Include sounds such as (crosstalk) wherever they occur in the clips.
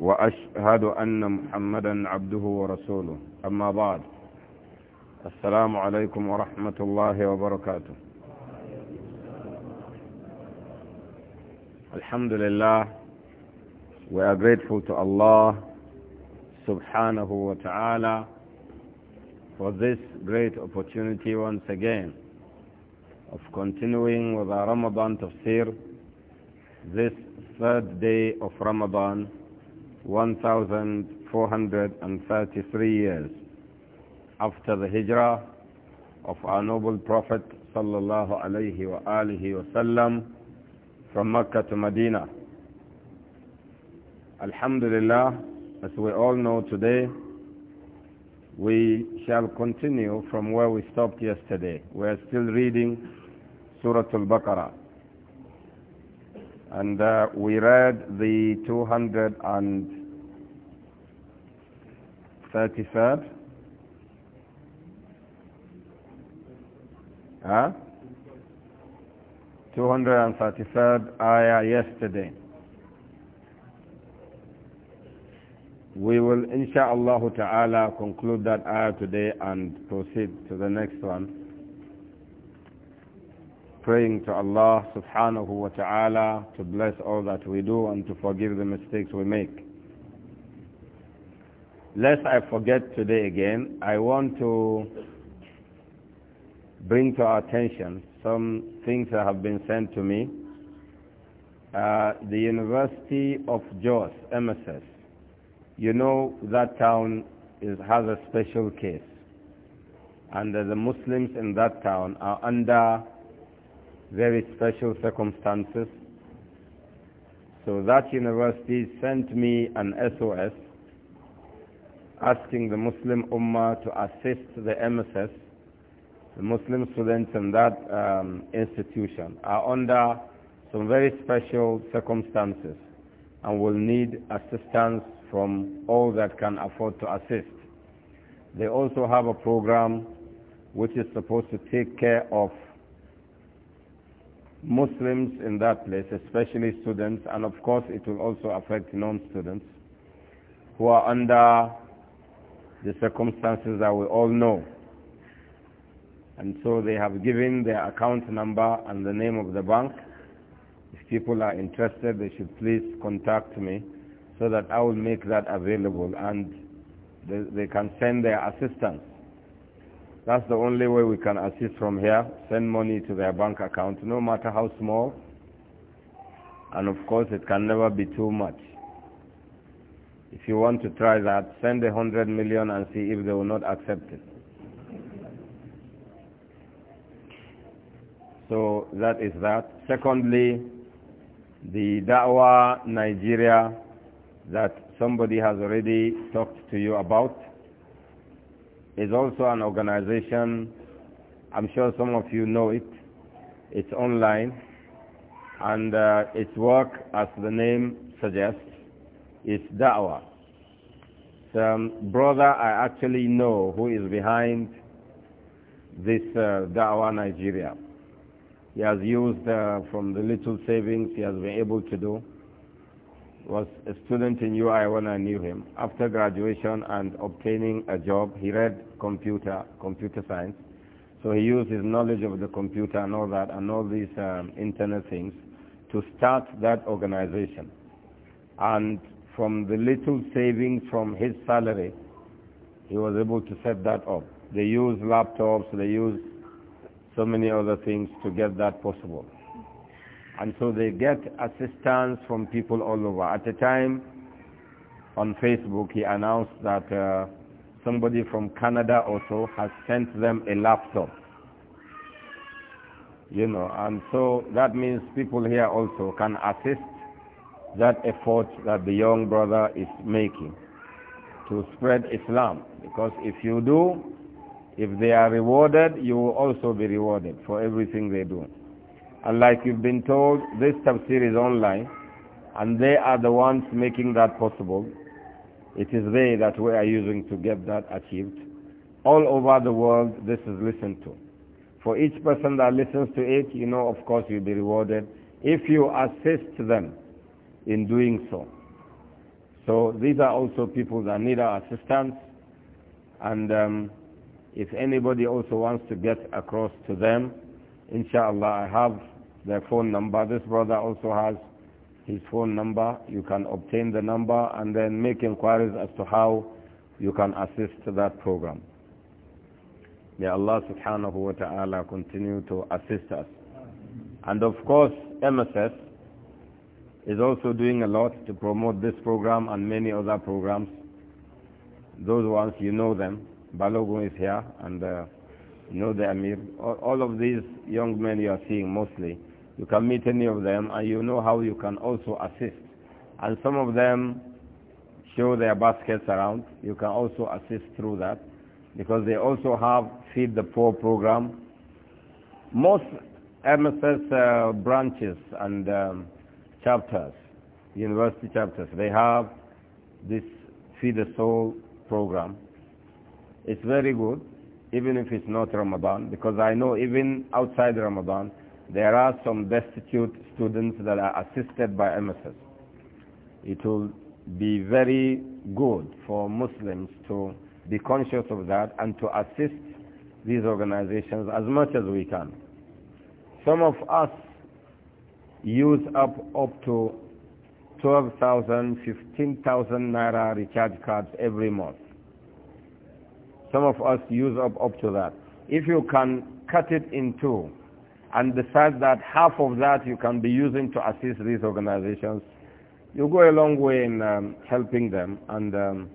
وأشهد أن محمدا عبده ورسوله أما بعد السلام عليكم ورحمة الله وبركاته الحمد لله we are grateful to Allah subhanahu wa ta'ala for this great opportunity once again of continuing with our Ramadan tafsir, this third day of Ramadan 1433 years after the hijrah of our noble prophet sallallahu alaihi wa alihi wasallam from Mecca to Medina. Alhamdulillah, as we all know today, we shall continue from where we stopped yesterday. We are still reading Surah Al-Baqarah. And uh, we read the 233rd. Huh? 233rd ayah yesterday. We will, insha'Allah ta'ala, conclude that ayah today and proceed to the next one praying to Allah subhanahu wa ta'ala to bless all that we do and to forgive the mistakes we make. Lest I forget today again, I want to bring to our attention some things that have been sent to me. Uh, the University of Jos, MSS. You know that town is, has a special case. And uh, the Muslims in that town are under very special circumstances. So that university sent me an SOS asking the Muslim Ummah to assist the MSS. The Muslim students in that um, institution are under some very special circumstances and will need assistance from all that can afford to assist. They also have a program which is supposed to take care of Muslims in that place, especially students, and of course it will also affect non-students who are under the circumstances that we all know. And so they have given their account number and the name of the bank. If people are interested, they should please contact me so that I will make that available and they, they can send their assistance. That's the only way we can assist from here. Send money to their bank account, no matter how small. And of course, it can never be too much. If you want to try that, send a hundred million and see if they will not accept it. So that is that. Secondly, the Da'wah Nigeria that somebody has already talked to you about is also an organization, I'm sure some of you know it. It's online and uh, its work, as the name suggests, is da'wah. Um, brother I actually know who is behind this uh, da'wah Nigeria. He has used uh, from the little savings he has been able to do was a student in UI when I knew him. After graduation and obtaining a job, he read computer, computer science. So he used his knowledge of the computer and all that and all these um, internet things to start that organization. And from the little savings from his salary, he was able to set that up. They use laptops, they use so many other things to get that possible. And so they get assistance from people all over. At the time, on Facebook, he announced that uh, somebody from Canada also has sent them a laptop. You know, and so that means people here also can assist that effort that the young brother is making to spread Islam. Because if you do, if they are rewarded, you will also be rewarded for everything they do. And like you've been told, this tafsir is online, and they are the ones making that possible. It is they that we are using to get that achieved. All over the world, this is listened to. For each person that listens to it, you know, of course, you'll be rewarded if you assist them in doing so. So these are also people that need our assistance. And um, if anybody also wants to get across to them, inshallah, I have their phone number. This brother also has his phone number. You can obtain the number and then make inquiries as to how you can assist that program. May Allah subhanahu wa ta'ala continue to assist us. And of course, MSS is also doing a lot to promote this program and many other programs. Those ones, you know them. Balogun is here and uh, you know the Amir. All, all of these young men you are seeing mostly, you can meet any of them and you know how you can also assist. And some of them show their baskets around. You can also assist through that because they also have Feed the Poor program. Most MSS uh, branches and um, chapters, university chapters, they have this Feed the Soul program. It's very good, even if it's not Ramadan, because I know even outside Ramadan, there are some destitute students that are assisted by MSS. It will be very good for Muslims to be conscious of that and to assist these organizations as much as we can. Some of us use up up to 12,000, 15,000 naira recharge cards every month. Some of us use up up to that. If you can cut it in two and besides that half of that you can be using to assist these organizations, you go a long way in um, helping them. And um,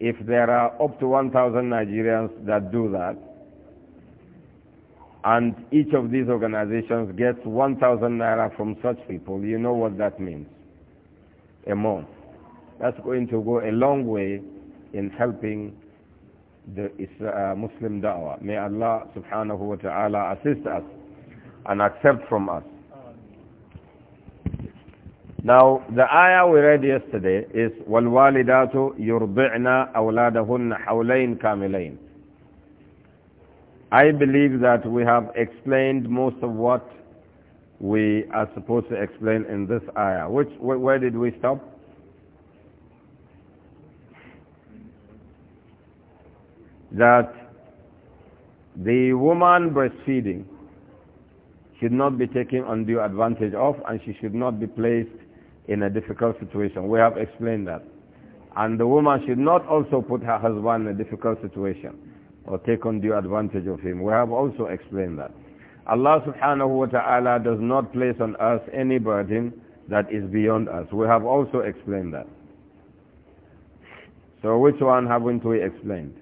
if there are up to 1,000 Nigerians that do that, and each of these organizations gets 1,000 naira from such people, you know what that means a month. That's going to go a long way in helping the uh, Muslim da'wah. May Allah subhanahu wa ta'ala assist us and accept from us. Now, the ayah we read yesterday is وَالْوَالِدَاتُ يُرْضِعْنَا أَوْلَادَهُنَّ حَوْلَيْنِ كَامِلَيْنِ I believe that we have explained most of what we are supposed to explain in this ayah. Which, where did we stop? That the woman breastfeeding should not be taken undue advantage of and she should not be placed in a difficult situation. We have explained that. And the woman should not also put her husband in a difficult situation or take undue advantage of him. We have also explained that. Allah subhanahu wa ta'ala does not place on us any burden that is beyond us. We have also explained that. So which one haven't we explained?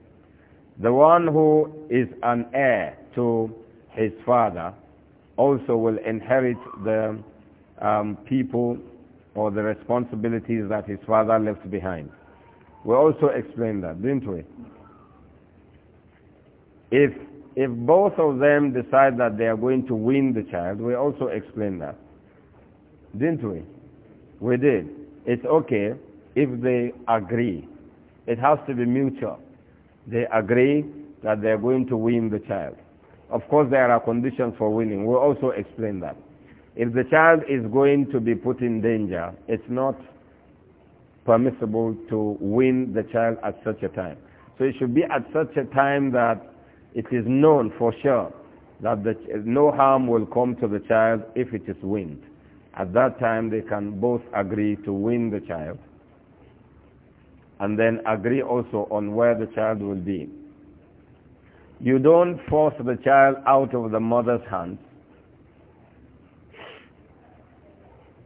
The one who is an heir to his father also will inherit the um, people or the responsibilities that his father left behind. We also explained that, didn't we? If, if both of them decide that they are going to win the child, we also explained that, didn't we? We did. It's okay if they agree. It has to be mutual. They agree that they're going to win the child. Of course, there are conditions for winning. We'll also explain that. If the child is going to be put in danger, it's not permissible to win the child at such a time. So it should be at such a time that it is known for sure that the, no harm will come to the child if it is winned. At that time, they can both agree to win the child and then agree also on where the child will be. You don't force the child out of the mother's hands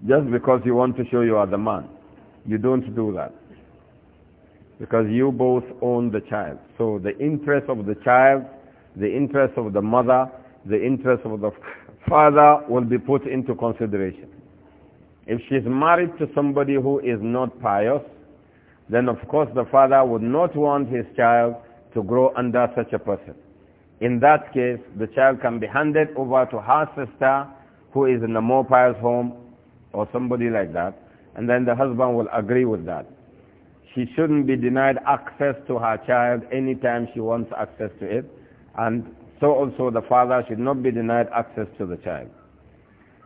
just because you want to show you are the man. You don't do that. Because you both own the child. So the interest of the child, the interest of the mother, the interest of the father will be put into consideration. If she's married to somebody who is not pious, then of course the father would not want his child to grow under such a person. In that case, the child can be handed over to her sister who is in a more pious home or somebody like that, and then the husband will agree with that. She shouldn't be denied access to her child anytime she wants access to it, and so also the father should not be denied access to the child.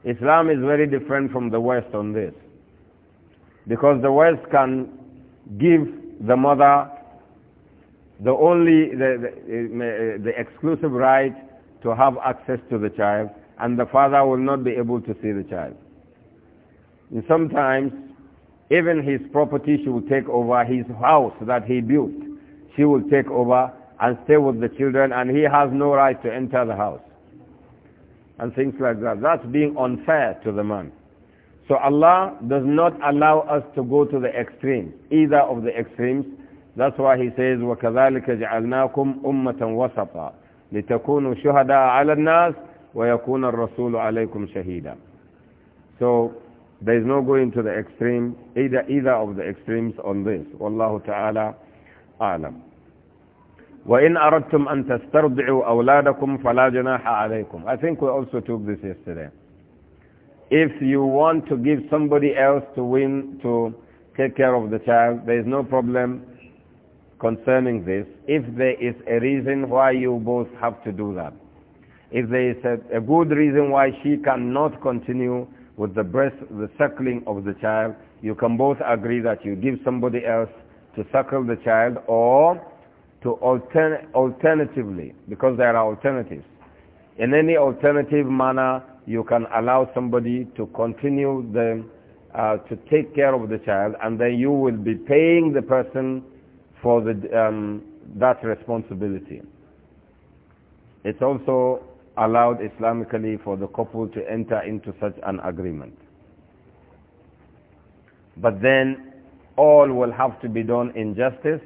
Islam is very different from the West on this, because the West can give the mother the only, the, the, the exclusive right to have access to the child, and the father will not be able to see the child. And sometimes, even his property she will take over, his house that he built, she will take over and stay with the children, and he has no right to enter the house. And things like that. That's being unfair to the man. So Allah does not allow us to go to the extremes, either of the extremes, that's why he says, وَكَذَلِكَ جَعَلْنَاكُمْ أُمَّةً وَسَطًا لِتَكُونُوا شُهَدَاءَ عَلَى النَّاسِ وَيَكُونَ الرَّسُولُ عَلَيْكُمْ شَهِيدًا So, there is no going to the extreme, either, either of the extremes on this. Wallahu ta'ala a'lam. وَإِنْ أَرَدْتُمْ أَن تَسْتَرْضِعُوا أَوْلَادَكُمْ فَلَا جَنَاحَ عَلَيْكُمْ I think we also took this yesterday. If you want to give somebody else to win, to take care of the child, there is no problem concerning this if there is a reason why you both have to do that. If there is a, a good reason why she cannot continue with the breast, the suckling of the child, you can both agree that you give somebody else to suckle the child or to alter, alternatively, because there are alternatives. In any alternative manner, you can allow somebody to continue the, uh, to take care of the child and then you will be paying the person for the, um, that responsibility. It's also allowed Islamically for the couple to enter into such an agreement. But then all will have to be done in justice,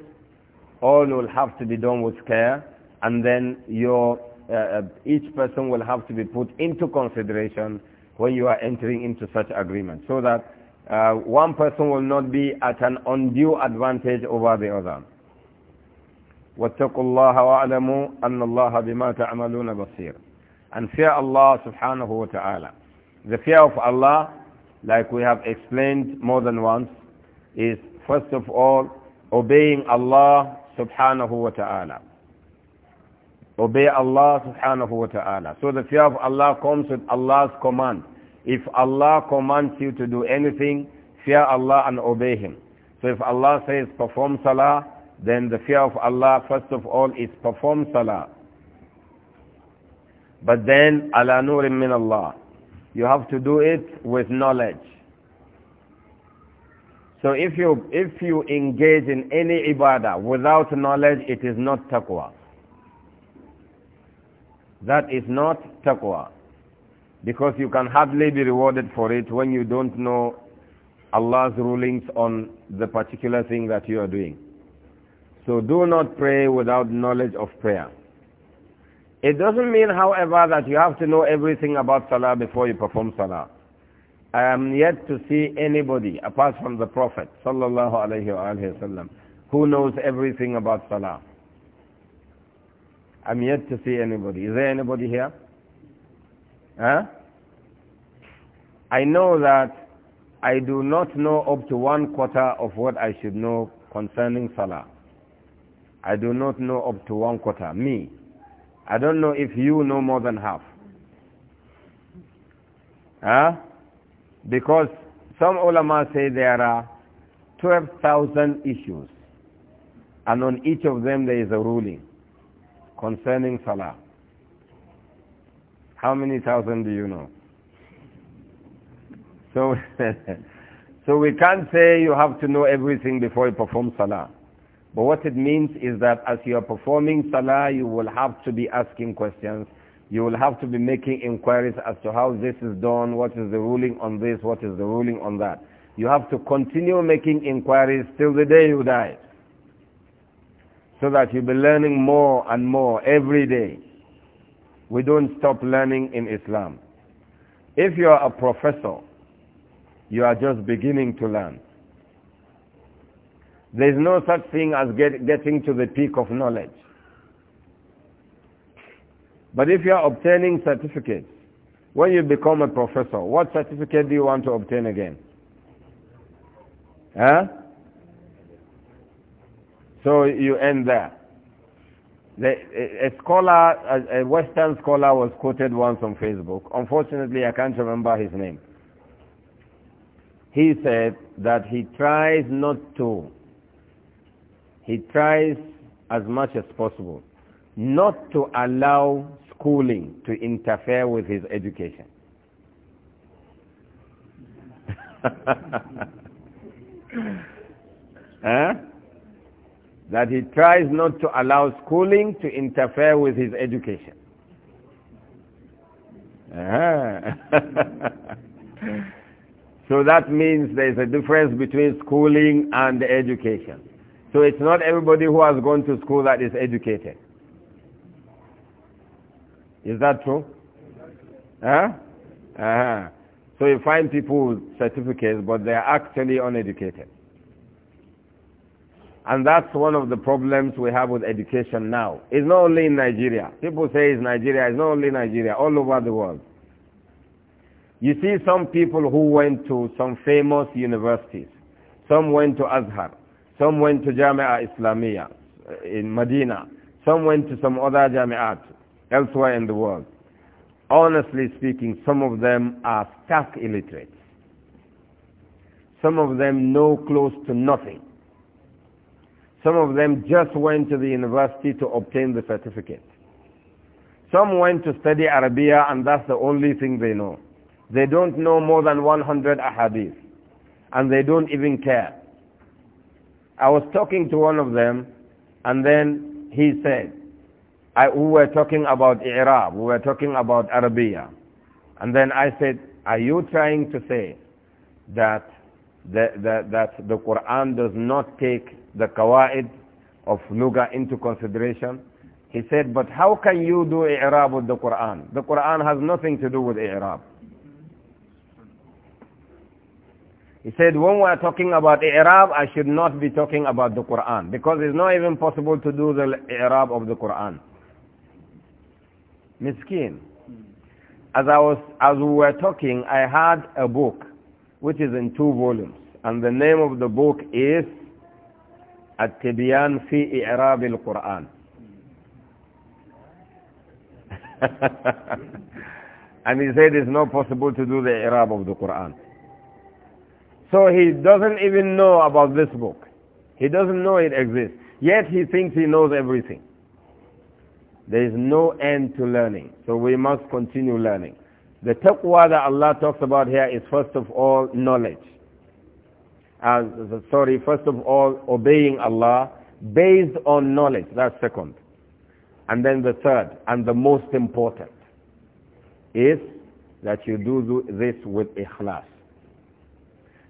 all will have to be done with care, and then your, uh, uh each person will have to be put into consideration when you are entering into such agreement so that uh, one person will not be at an undue advantage over the other. وَاتَّقُوا اللَّهَ وَاعْلَمُوا أَنَّ اللَّهَ بِمَا تَعْمَلُونَ بَصِيرٌ And fear Allah subhanahu wa ta'ala. The fear of Allah, like we have explained more than once, is first of all obeying Allah subhanahu wa ta'ala. Obey Allah subhanahu wa ta'ala. So the fear of Allah comes with Allah's command. If Allah commands you to do anything, fear Allah and obey Him. So if Allah says perform salah, then the fear of Allah, first of all, is perform salah. But then, ala nurim min Allah. You have to do it with knowledge. So if you, if you engage in any ibadah without knowledge, it is not taqwa. That is not taqwa. Because you can hardly be rewarded for it when you don't know Allah's rulings on the particular thing that you are doing. So do not pray without knowledge of prayer. It doesn't mean, however, that you have to know everything about Salah before you perform Salah. I am yet to see anybody, apart from the Prophet, sallallahu alayhi wasallam, who knows everything about Salah. I'm yet to see anybody. Is there anybody here? Huh? I know that I do not know up to one quarter of what I should know concerning Salah. I do not know up to one quarter. Me. I don't know if you know more than half. Huh? Because some ulama say there are 12,000 issues. And on each of them there is a ruling concerning Salah. How many thousand do you know? So, (laughs) so we can't say you have to know everything before you perform salah. But what it means is that as you are performing salah, you will have to be asking questions. You will have to be making inquiries as to how this is done, what is the ruling on this, what is the ruling on that. You have to continue making inquiries till the day you die. So that you'll be learning more and more every day. We don't stop learning in Islam. If you are a professor, you are just beginning to learn. There is no such thing as get, getting to the peak of knowledge. But if you are obtaining certificates, when you become a professor, what certificate do you want to obtain again? Huh? So you end there. The, a, a, scholar, a, a Western scholar was quoted once on Facebook. Unfortunately, I can't remember his name. He said that he tries not to, he tries as much as possible not to allow schooling to interfere with his education. (laughs) huh? that he tries not to allow schooling to interfere with his education. (laughs) so that means there is a difference between schooling and education. So it's not everybody who has gone to school that is educated. Is that true? Huh? Ah? uh -huh. So you find people with certificates, but they are actually uneducated. And that's one of the problems we have with education now. It's not only in Nigeria. People say it's Nigeria. It's not only Nigeria, all over the world. You see some people who went to some famous universities. Some went to Azhar. Some went to Jamia Islamiyah uh, in Medina. Some went to some other Jamiat elsewhere in the world. Honestly speaking, some of them are stark illiterate. Some of them know close to nothing some of them just went to the university to obtain the certificate. Some went to study Arabia and that's the only thing they know. They don't know more than 100 ahadith and they don't even care. I was talking to one of them and then he said, I, we were talking about Iraq, we were talking about Arabia. And then I said, are you trying to say that that, that, that the Quran does not take the kawaid of Luga into consideration. He said, but how can you do i'rab with the Quran? The Quran has nothing to do with i'rab. He said, when we are talking about i'rab, I should not be talking about the Quran because it's not even possible to do the i'rab of the Quran. Miskin. As I was, as we were talking, I had a book which is in two volumes. And the name of the book is At-Tibyan fi I'rab al-Qur'an. (laughs) and he said it's not possible to do the I'rab of the Qur'an. So he doesn't even know about this book. He doesn't know it exists. Yet he thinks he knows everything. There is no end to learning. So we must continue learning. The taqwa that Allah talks about here is first of all knowledge. sorry, first of all obeying Allah based on knowledge. That's second. And then the third and the most important is that you do this with ikhlas.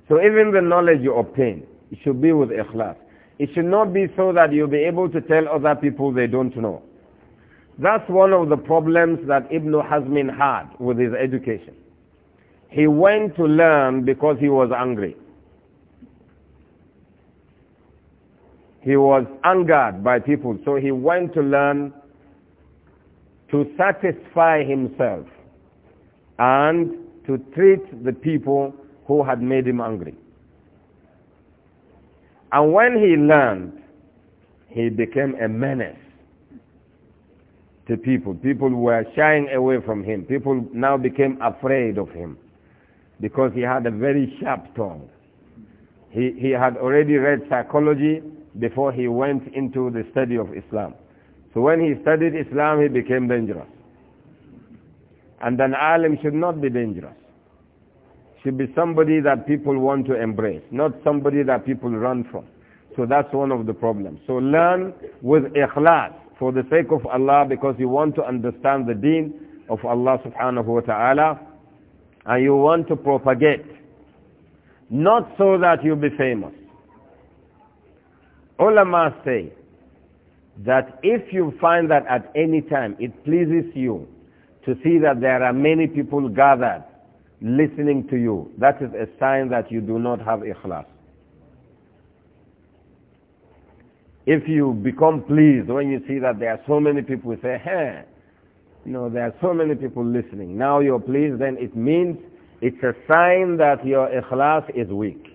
So even the knowledge you obtain, it should be with ikhlas. It should not be so that you'll be able to tell other people they don't know. That's one of the problems that Ibn Hazmin had with his education. He went to learn because he was angry. He was angered by people, so he went to learn to satisfy himself and to treat the people who had made him angry. And when he learned, he became a menace to people. People were shying away from him. People now became afraid of him because he had a very sharp tongue. He, he had already read psychology before he went into the study of Islam. So when he studied Islam, he became dangerous. And an alim should not be dangerous. Should be somebody that people want to embrace, not somebody that people run from. So that's one of the problems. So learn with ikhlas for the sake of Allah because you want to understand the deen of Allah subhanahu wa ta'ala and you want to propagate not so that you be famous ulama say that if you find that at any time it pleases you to see that there are many people gathered listening to you that is a sign that you do not have ikhlas If you become pleased when you see that there are so many people say, hey, you know, there are so many people listening. Now you're pleased, then it means it's a sign that your ikhlas is weak.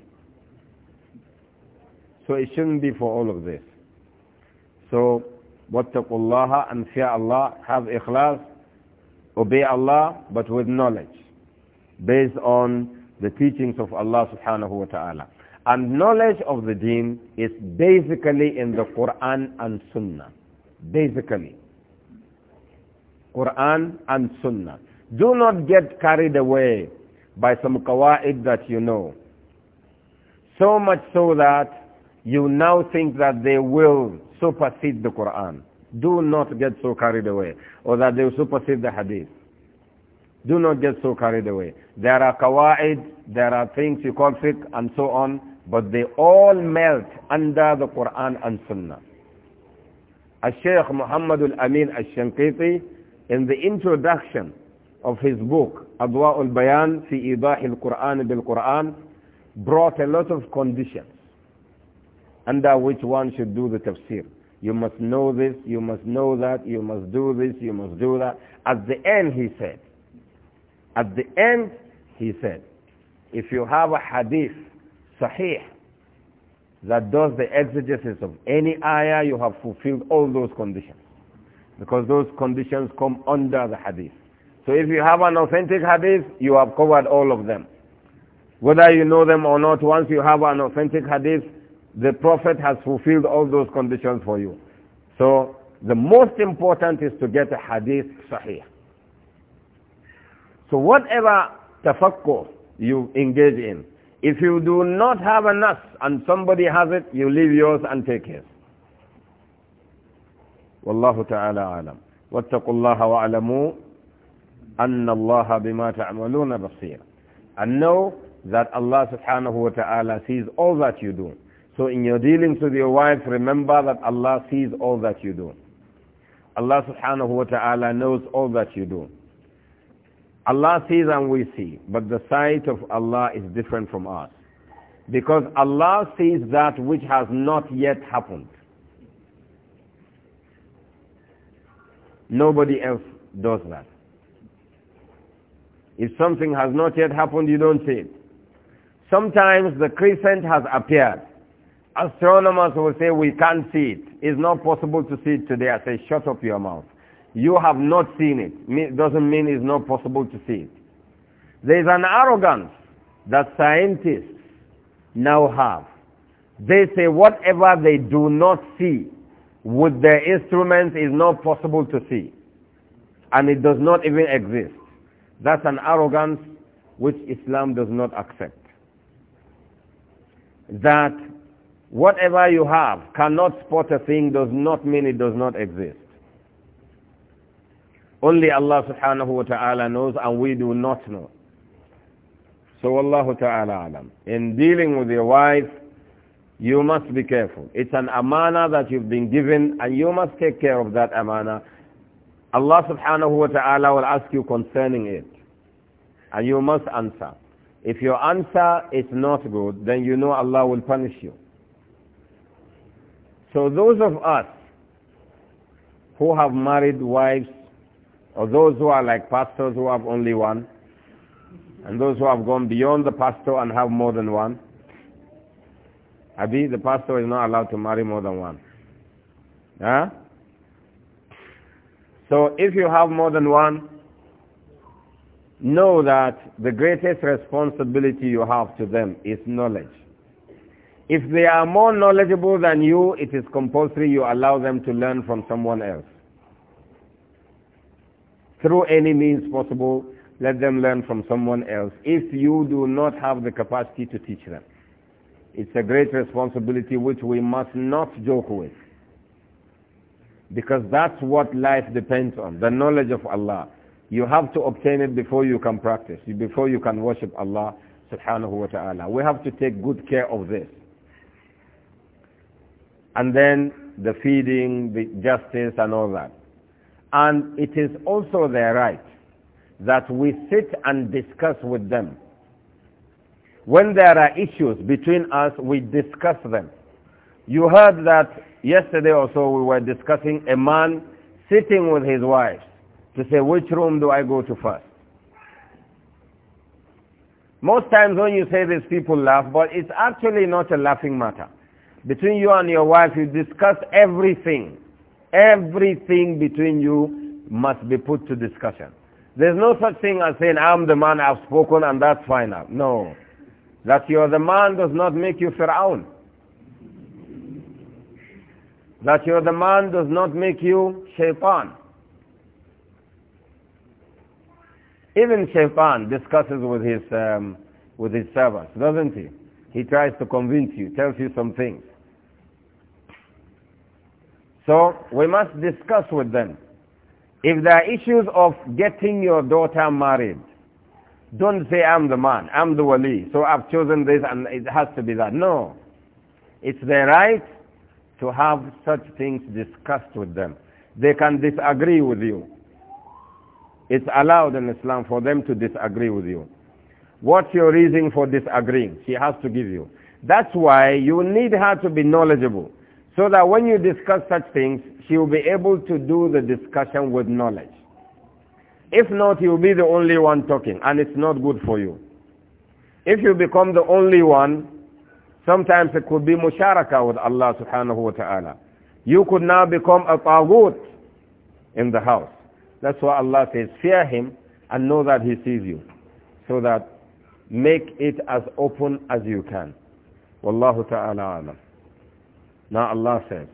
So it shouldn't be for all of this. So, وَاتَّقُوا اللَّهَ and fear Allah, have ikhlas, obey Allah, but with knowledge, based on the teachings of Allah subhanahu wa ta'ala. And knowledge of the deen is basically in the Quran and Sunnah. Basically. Quran and Sunnah. Do not get carried away by some kawaid that you know. So much so that you now think that they will supersede the Quran. Do not get so carried away. Or that they will supersede the hadith. Do not get so carried away. There are kawaid, there are things you call fiqh and so on but they all melt under the Quran and Sunnah. Al-Shaykh Muhammad al-Amin al-Shankiti, in the introduction of his book, Adwa al-Bayan fi Idah al-Quran bil-Quran, brought a lot of conditions under which one should do the tafsir. You must know this, you must know that, you must do this, you must do that. At the end, he said, at the end, he said, if you have a hadith sahih that does the exegesis of any ayah, you have fulfilled all those conditions. Because those conditions come under the hadith. So if you have an authentic hadith, you have covered all of them. Whether you know them or not, once you have an authentic hadith, the Prophet has fulfilled all those conditions for you. So the most important is to get a hadith sahih. So whatever tafakkur you engage in, if you do not have a nas and somebody has it, you leave yours and take his. والله Taala alam. واتقوا الله واعلموا أن الله بما تعملون بصير and know that Allah subhanahu wa ta'ala sees all that you do so in your dealings with your wife remember that Allah sees all that you do Allah subhanahu wa ta'ala knows all that you do Allah sees and we see, but the sight of Allah is different from us. Because Allah sees that which has not yet happened. Nobody else does that. If something has not yet happened, you don't see it. Sometimes the crescent has appeared. Astronomers will say, we can't see it. It's not possible to see it today. I say, shut up your mouth you have not seen it doesn't mean it's not possible to see it. There is an arrogance that scientists now have. They say whatever they do not see with their instruments is not possible to see. And it does not even exist. That's an arrogance which Islam does not accept. That whatever you have cannot spot a thing does not mean it does not exist. Only Allah subhanahu wa ta'ala knows and we do not know. So Allah ta'ala alam. In dealing with your wife, you must be careful. It's an amana that you've been given and you must take care of that amana. Allah subhanahu wa ta'ala will ask you concerning it. And you must answer. If your answer is not good, then you know Allah will punish you. So those of us who have married wives or those who are like pastors who have only one, and those who have gone beyond the pastor and have more than one. Abi, the pastor is not allowed to marry more than one. Huh? So if you have more than one, know that the greatest responsibility you have to them is knowledge. If they are more knowledgeable than you, it is compulsory you allow them to learn from someone else through any means possible, let them learn from someone else if you do not have the capacity to teach them. It's a great responsibility which we must not joke with. Because that's what life depends on, the knowledge of Allah. You have to obtain it before you can practice, before you can worship Allah subhanahu wa ta'ala. We have to take good care of this. And then the feeding, the justice and all that. And it is also their right that we sit and discuss with them. When there are issues between us, we discuss them. You heard that yesterday also we were discussing a man sitting with his wife to say, which room do I go to first? Most times when you say this, people laugh, but it's actually not a laughing matter. Between you and your wife, you discuss everything. Everything between you must be put to discussion. There's no such thing as saying, I'm the man, I've spoken, and that's final. No. That you're the man does not make you Fir'aun. That you're the man does not make you Shaitan. Even Shaitan discusses with his, um, with his servants, doesn't he? He tries to convince you, tells you some things. So we must discuss with them. If there are issues of getting your daughter married, don't say I'm the man, I'm the wali, so I've chosen this and it has to be that. No. It's their right to have such things discussed with them. They can disagree with you. It's allowed in Islam for them to disagree with you. What's your reason for disagreeing? She has to give you. That's why you need her to be knowledgeable. So that when you discuss such things, she will be able to do the discussion with knowledge. If not, you'll be the only one talking, and it's not good for you. If you become the only one, sometimes it could be musharaka with Allah subhanahu wa ta'ala. You could now become a taghut in the house. That's why Allah says, fear him and know that he sees you. So that make it as open as you can. Wallahu ta'ala alam. Now الله سيد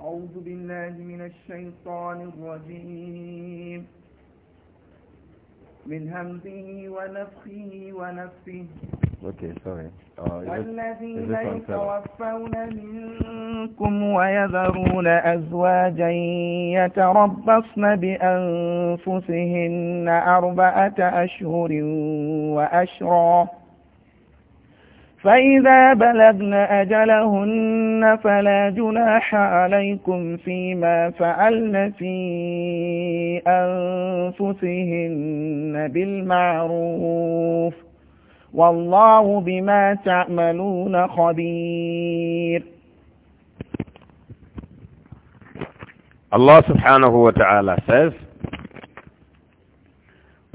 أعوذ بالله من الشيطان الرجيم من همزه ونفخه ونفسه Okay, sorry. Uh, والذين يتوفون منكم ويذرون أزواجا يتربصن بأنفسهن أربعة أشهر وأشرا فإذا بلغن أجلهن فلا جناح عليكم فيما فعلن في أنفسهن بالمعروف والله بما تعملون خبير الله سبحانه وتعالى says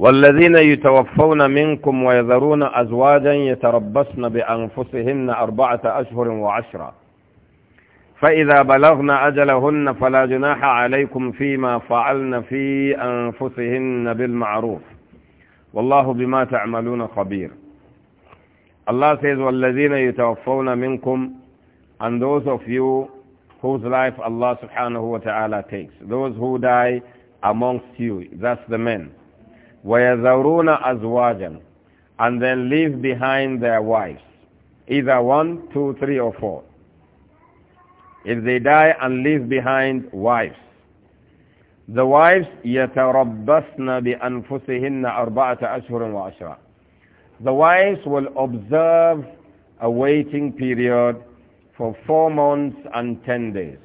والذين يتوفون منكم ويذرون أزواجا يتربصن بأنفسهن أربعة أشهر وعشرة فإذا بلغن أجلهن فلا جناح عليكم فيما فعلن في أنفسهن بالمعروف والله بما تعملون خبير Allah says وَالَّذِينَ يتوفون منكم and those of you whose life Allah subhanahu wa ta'ala takes those who die amongst you that's the men وَيَذَرُونَ أَزْوَاجًا And then leave behind their wives, either one, two, three or four. If they die and leave behind wives. The wives يَتَرَبَّصْنَ بِأَنفُسِهِنَّ أَرْبَعَةَ أَشْهُرٍ وَعَشْرًا The wives will observe a waiting period for four months and ten days.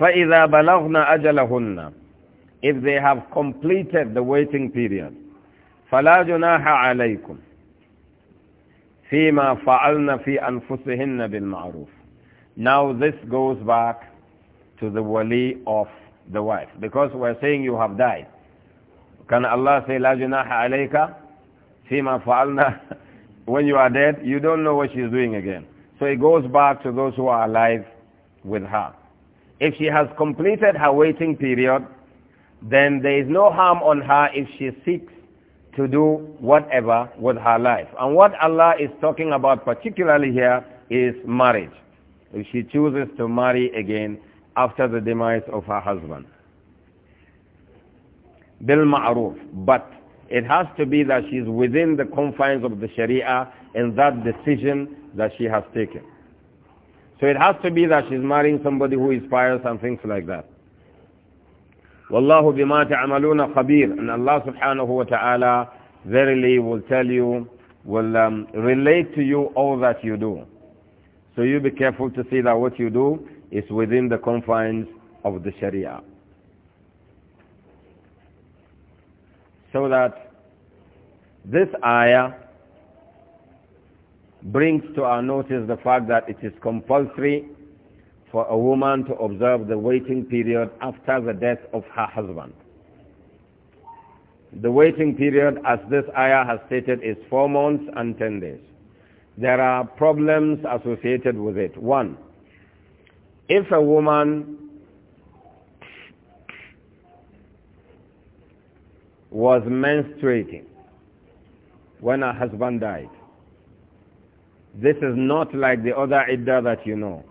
فَإِذَا بَلَغْنَ أَجَلَهُنَّ if they have completed the waiting period. فَلَا جُنَاحَ عَلَيْكُمْ فِيمَا فَعَلْنَ فِي أَنفُسِهِنَّ بِالْمَعْرُوفِ Now this goes back to the wali of the wife. Because we're saying you have died. Can Allah say, لَا جُنَاحَ عَلَيْكَ فِيمَا فَعَلْنَا When you are dead, you don't know what she's doing again. So it goes back to those who are alive with her. If she has completed her waiting period, then there is no harm on her if she seeks to do whatever with her life. And what Allah is talking about particularly here is marriage. If she chooses to marry again after the demise of her husband. Bil ma'ruf. But it has to be that she's within the confines of the sharia in that decision that she has taken. So it has to be that she's marrying somebody who is pious and things like that. Wallahu bima ta'amaluna khabir. And Allah subhanahu wa ta'ala verily will tell you, will um, relate to you all that you do. So you be careful to see that what you do is within the confines of the Sharia. So that this ayah brings to our notice the fact that it is compulsory for a woman to observe the waiting period after the death of her husband. The waiting period, as this ayah has stated, is four months and ten days. There are problems associated with it. One, if a woman was menstruating when her husband died. This is not like the other idda that you know.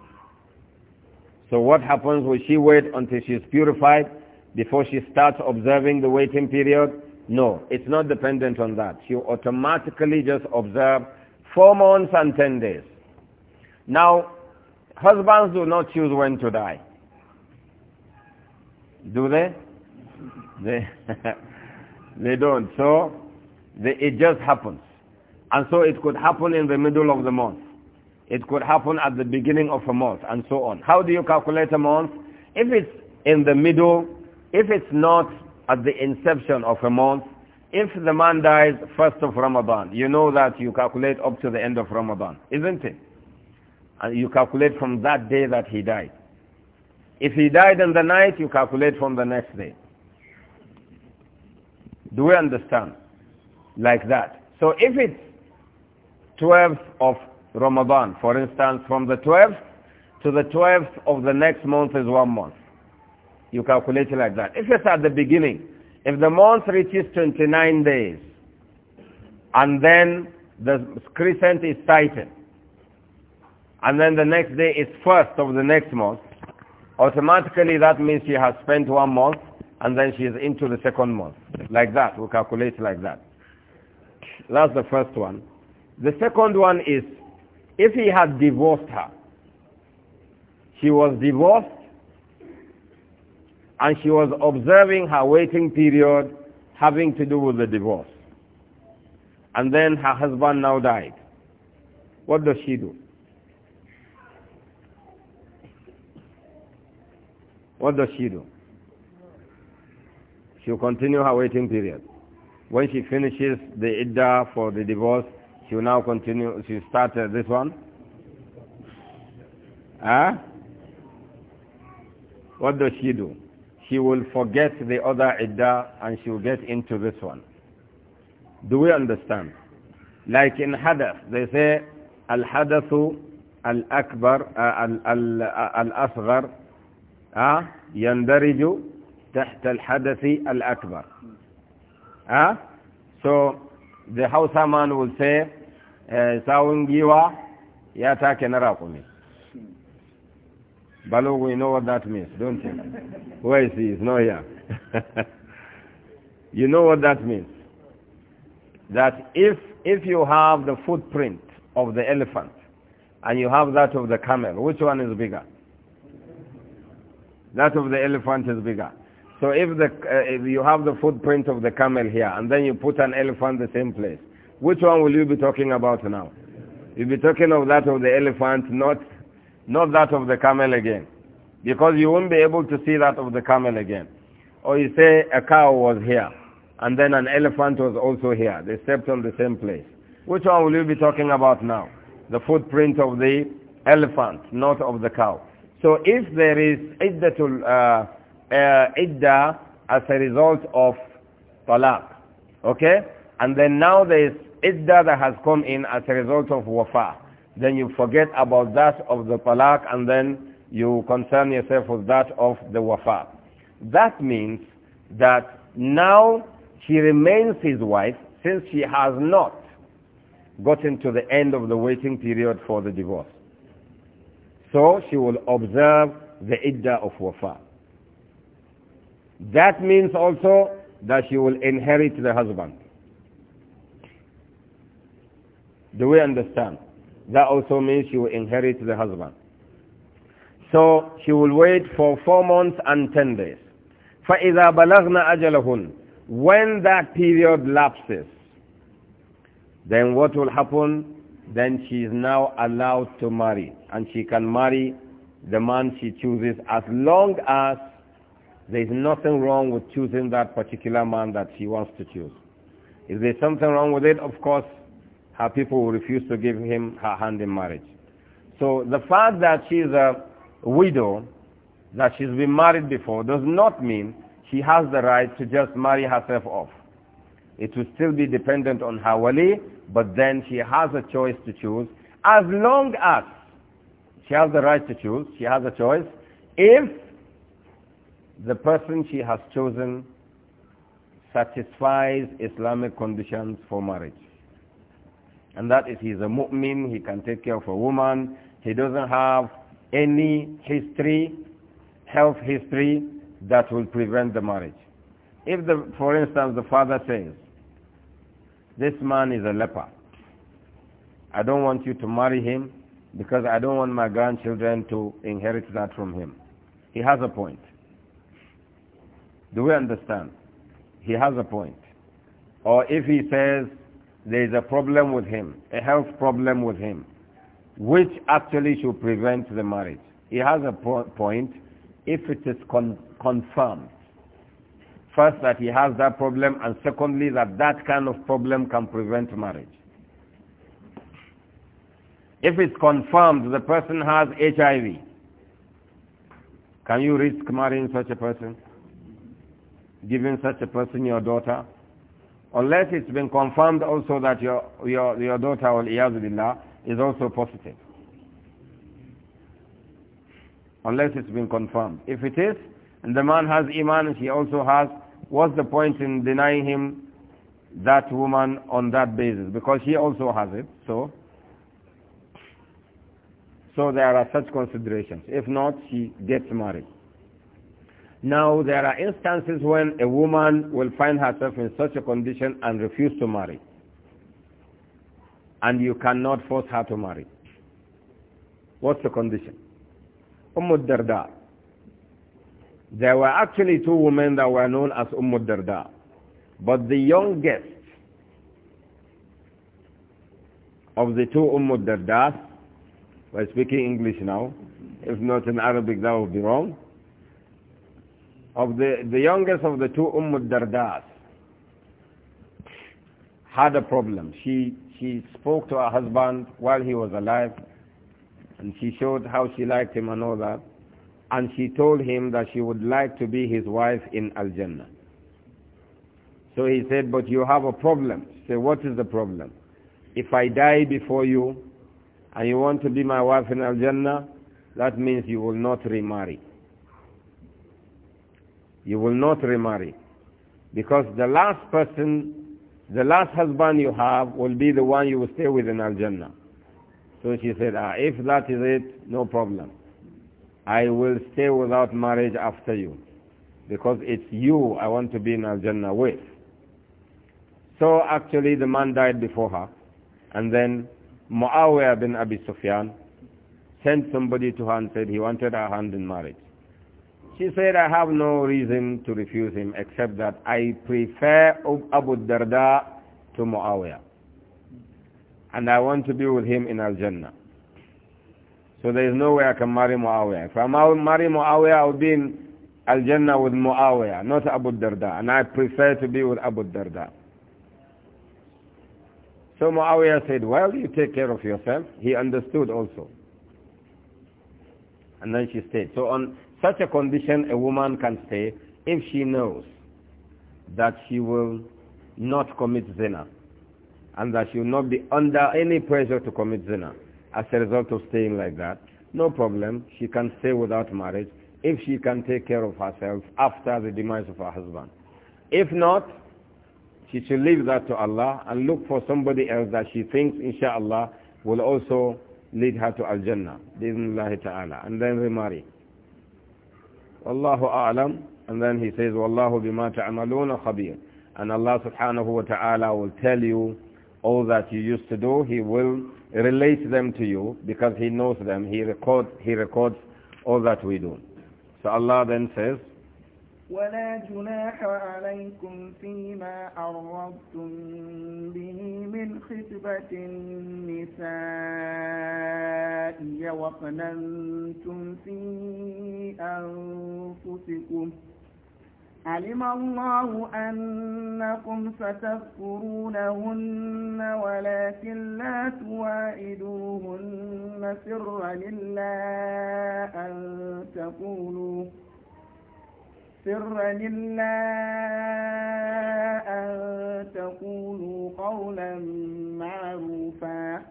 So what happens will she wait until she's purified before she starts observing the waiting period? No, it's not dependent on that. She automatically just observe four months and ten days. Now, husbands do not choose when to die. Do they? They, (laughs) they don't. So, they, it just happens. And so it could happen in the middle of the month. It could happen at the beginning of a month and so on. How do you calculate a month? If it's in the middle, if it's not at the inception of a month, if the man dies first of Ramadan, you know that you calculate up to the end of Ramadan, isn't it? And you calculate from that day that he died. If he died in the night, you calculate from the next day. Do we understand? Like that. So if it's 12th of Ramadan. For instance, from the 12th to the 12th of the next month is one month. You calculate it like that. If it's at the beginning, if the month reaches 29 days, and then the crescent is sighted, and then the next day is first of the next month, automatically that means she has spent one month, and then she is into the second month. Like that, we calculate like that. That's the first one. The second one is if he had divorced her, she was divorced and she was observing her waiting period having to do with the divorce. And then her husband now died. What does she do? What does she do? She'll continue her waiting period. When she finishes the idda for the divorce, she will now continue. She started uh, this one. Huh? What does she do? She will forget the other idda and she will get into this one. Do we understand? Like in hadith, they say, al-hadathu al-akbar, uh, uh, al-asghar, yandariju تحت الحدث الأكبر. Huh? So the Hausa man will say, Eh, sawun giwa ya take na raƙumi Balogu, we know what that means, don't you? Where is he? is not here. (laughs) you know what that means? That if, if you have the footprint of the elephant and you have that of the camel, which one is bigger? That of the elephant is bigger. So if, the, uh, if you have the footprint of the camel here and then you put an elephant the same place, which one will you be talking about now? You'll be talking of that of the elephant, not, not that of the camel again. Because you won't be able to see that of the camel again. Or you say a cow was here, and then an elephant was also here. They stepped on the same place. Which one will you be talking about now? The footprint of the elephant, not of the cow. So if there is iddatul, uh, uh, idda as a result of talaq, okay? And then now there is idda that has come in as a result of wafa. Then you forget about that of the talaq and then you concern yourself with that of the wafa. That means that now she remains his wife since she has not gotten to the end of the waiting period for the divorce. So she will observe the idda of wafa. That means also that she will inherit the husband. Do we understand? That also means she will inherit the husband. So she will wait for four months and ten days. فَإِذَا بَلَغْنَا أَجَلَهُنْ When that period lapses, then what will happen? Then she is now allowed to marry. And she can marry the man she chooses as long as there is nothing wrong with choosing that particular man that she wants to choose. If there's something wrong with it, of course, her people will refuse to give him her hand in marriage. So the fact that she is a widow, that she's been married before, does not mean she has the right to just marry herself off. It will still be dependent on her wali, but then she has a choice to choose. As long as she has the right to choose, she has a choice, if the person she has chosen satisfies Islamic conditions for marriage. And that is he's a mu'min, he can take care of a woman, he doesn't have any history, health history, that will prevent the marriage. If, the, for instance, the father says, this man is a leper, I don't want you to marry him because I don't want my grandchildren to inherit that from him. He has a point. Do we understand? He has a point. Or if he says, there is a problem with him, a health problem with him, which actually should prevent the marriage. He has a point if it is con confirmed. First, that he has that problem, and secondly, that that kind of problem can prevent marriage. If it's confirmed the person has HIV, can you risk marrying such a person? Giving such a person your daughter? Unless it's been confirmed also that your, your, your daughter, billah, is also positive. Unless it's been confirmed. If it is, and the man has iman and she also has, what's the point in denying him that woman on that basis? Because she also has it, so... So there are such considerations. If not, she gets married. Now, there are instances when a woman will find herself in such a condition and refuse to marry. And you cannot force her to marry. What's the condition? Umm darda There were actually two women that were known as Umm darda But the youngest of the two Umm dardas we're speaking English now. If not in Arabic, that would be wrong of the, the youngest of the two Umm Dardas had a problem. She, she spoke to her husband while he was alive and she showed how she liked him and all that. And she told him that she would like to be his wife in Al-Jannah. So he said, but you have a problem. She said, what is the problem? If I die before you and you want to be my wife in Al-Jannah, that means you will not remarry. You will not remarry. Because the last person, the last husband you have will be the one you will stay with in Al-Jannah. So she said, ah, if that is it, no problem. I will stay without marriage after you. Because it's you I want to be in Al-Jannah with. So actually the man died before her. And then Muawiyah bin Abi Sufyan sent somebody to her and said he wanted her hand in marriage. She said, I have no reason to refuse him except that I prefer Abu Darda to Muawiyah. And I want to be with him in Al-Jannah. So there is no way I can marry Muawiyah. If I marry Muawiyah, I will be in Al-Jannah with Muawiyah, not Abu Darda. And I prefer to be with Abu Darda. So Muawiyah said, well, you take care of yourself. He understood also. And then she stayed. So on such a condition a woman can stay if she knows that she will not commit zina and that she will not be under any pressure to commit zina as a result of staying like that. No problem. She can stay without marriage if she can take care of herself after the demise of her husband. If not, she should leave that to Allah and look for somebody else that she thinks, inshallah, will also lead her to Al-Jannah, ta'ala, and then remarry. Allahu A'lam. And then he says, Wallahu bima ta'amaluna khabir. And Allah subhanahu wa ta'ala will tell you all that you used to do. He will relate them to you because he knows them. He records, he records all that we do. So Allah then says, ولا جناح عليكم فيما عرضتم به من خطبة النساء وقننتم في أنفسكم علم الله أنكم ستذكرونهن ولكن لا توائدوهن سرا إلا أن تقولوا سرا إلا أن تقولوا قولا معروفا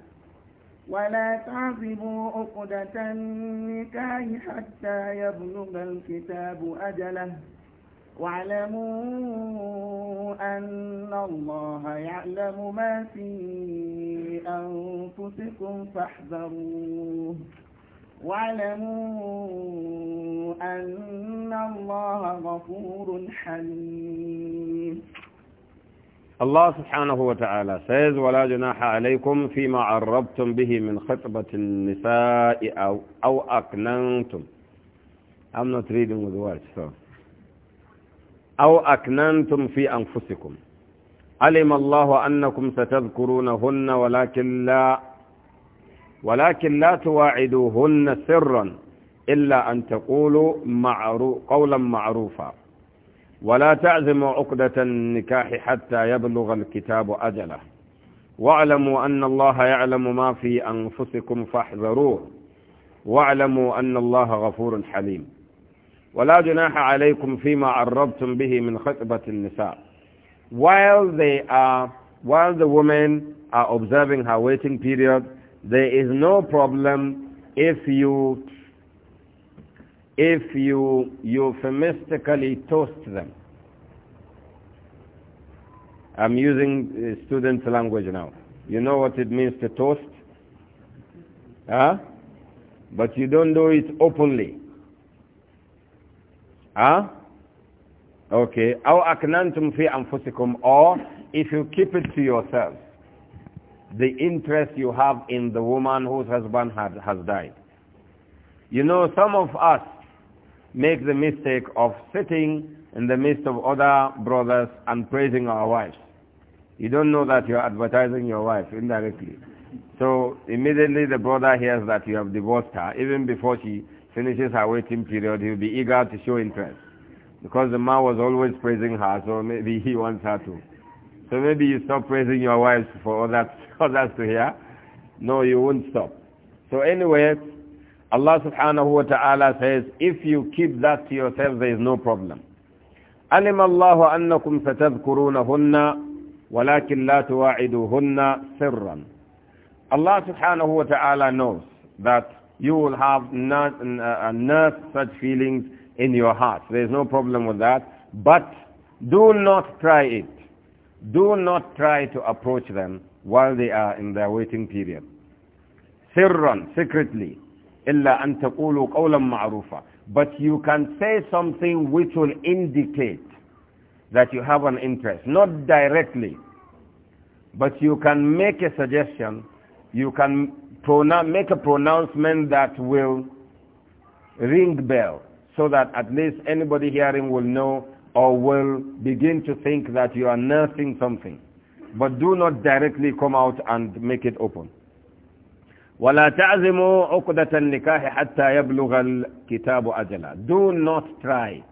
ولا تعذبوا عقدة النكاح حتى يبلغ الكتاب أجله واعلموا أن الله يعلم ما في أنفسكم فاحذروه واعلموا أن الله غفور حليم الله سبحانه وتعالى says ولا جناح عليكم فيما عربتم به من خطبة النساء أو, أو أكننتم I'm not reading with words so أو أكننتم في أنفسكم علم الله أنكم ستذكرونهن ولكن لا ولكن لا تواعدوهن سرا إلا أن تقولوا معرو قولا معروفا ولا تعزموا عقدة النكاح حتى يبلغ الكتاب أجله واعلموا أن الله يعلم ما في أنفسكم فاحذروه واعلموا أن الله غفور حليم ولا جناح عليكم فيما عرضتم به من خطبة النساء while they are while the women are observing her waiting period there is no problem if you if you euphemistically toast them. I'm using uh, student language now. You know what it means to toast? Huh? But you don't do it openly. Huh? Okay. أو أكننتم في أنفسكم or if you keep it to yourselves the interest you have in the woman whose husband had, has died. You know, some of us make the mistake of sitting in the midst of other brothers and praising our wives. You don't know that you're advertising your wife indirectly. So immediately the brother hears that you have divorced her, even before she finishes her waiting period, he'll be eager to show interest. Because the man was always praising her, so maybe he wants her to. So maybe you stop praising your wives for all that others to hear, no, you won't stop. So anyway, Allah subhanahu wa ta'ala says, if you keep that to yourself, there is no problem. علم الله أنكم ستذكرونهن ولكن لا تواعدوهن سرا Allah subhanahu wa ta'ala knows that you will have not, uh, such feelings in your heart. There is no problem with that. But do not try it. Do not try to approach them while they are in their waiting period. Sirran, secretly, illa an taqulu ma'rufa. But you can say something which will indicate that you have an interest, not directly, but you can make a suggestion, you can make a pronouncement that will ring bell, so that at least anybody hearing will know or will begin to think that you are nursing something. But do not directly come out and make it open. ولا تعزموا عقدة النكاح حتى يبلغ الكتاب أجلا. Do not try.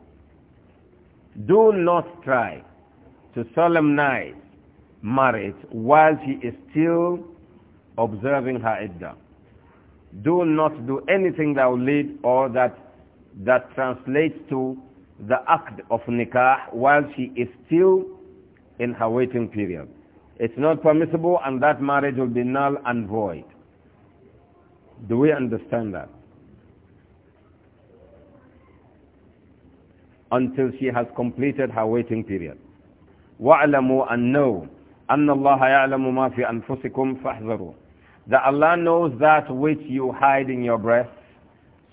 Do not try to solemnize marriage while she is still observing her idda. Do not do anything that will lead or that that translates to the act of nikah while she is still in her waiting period. It's not permissible and that marriage will be null and void. Do we understand that? Until she has completed her waiting period. وَعْلَمُوا أَنْ know أَنَّ اللَّهَ يَعْلَمُ مَا فِي أَنفُسِكُمْ فَاحْذَرُوا That Allah knows that which you hide in your breast,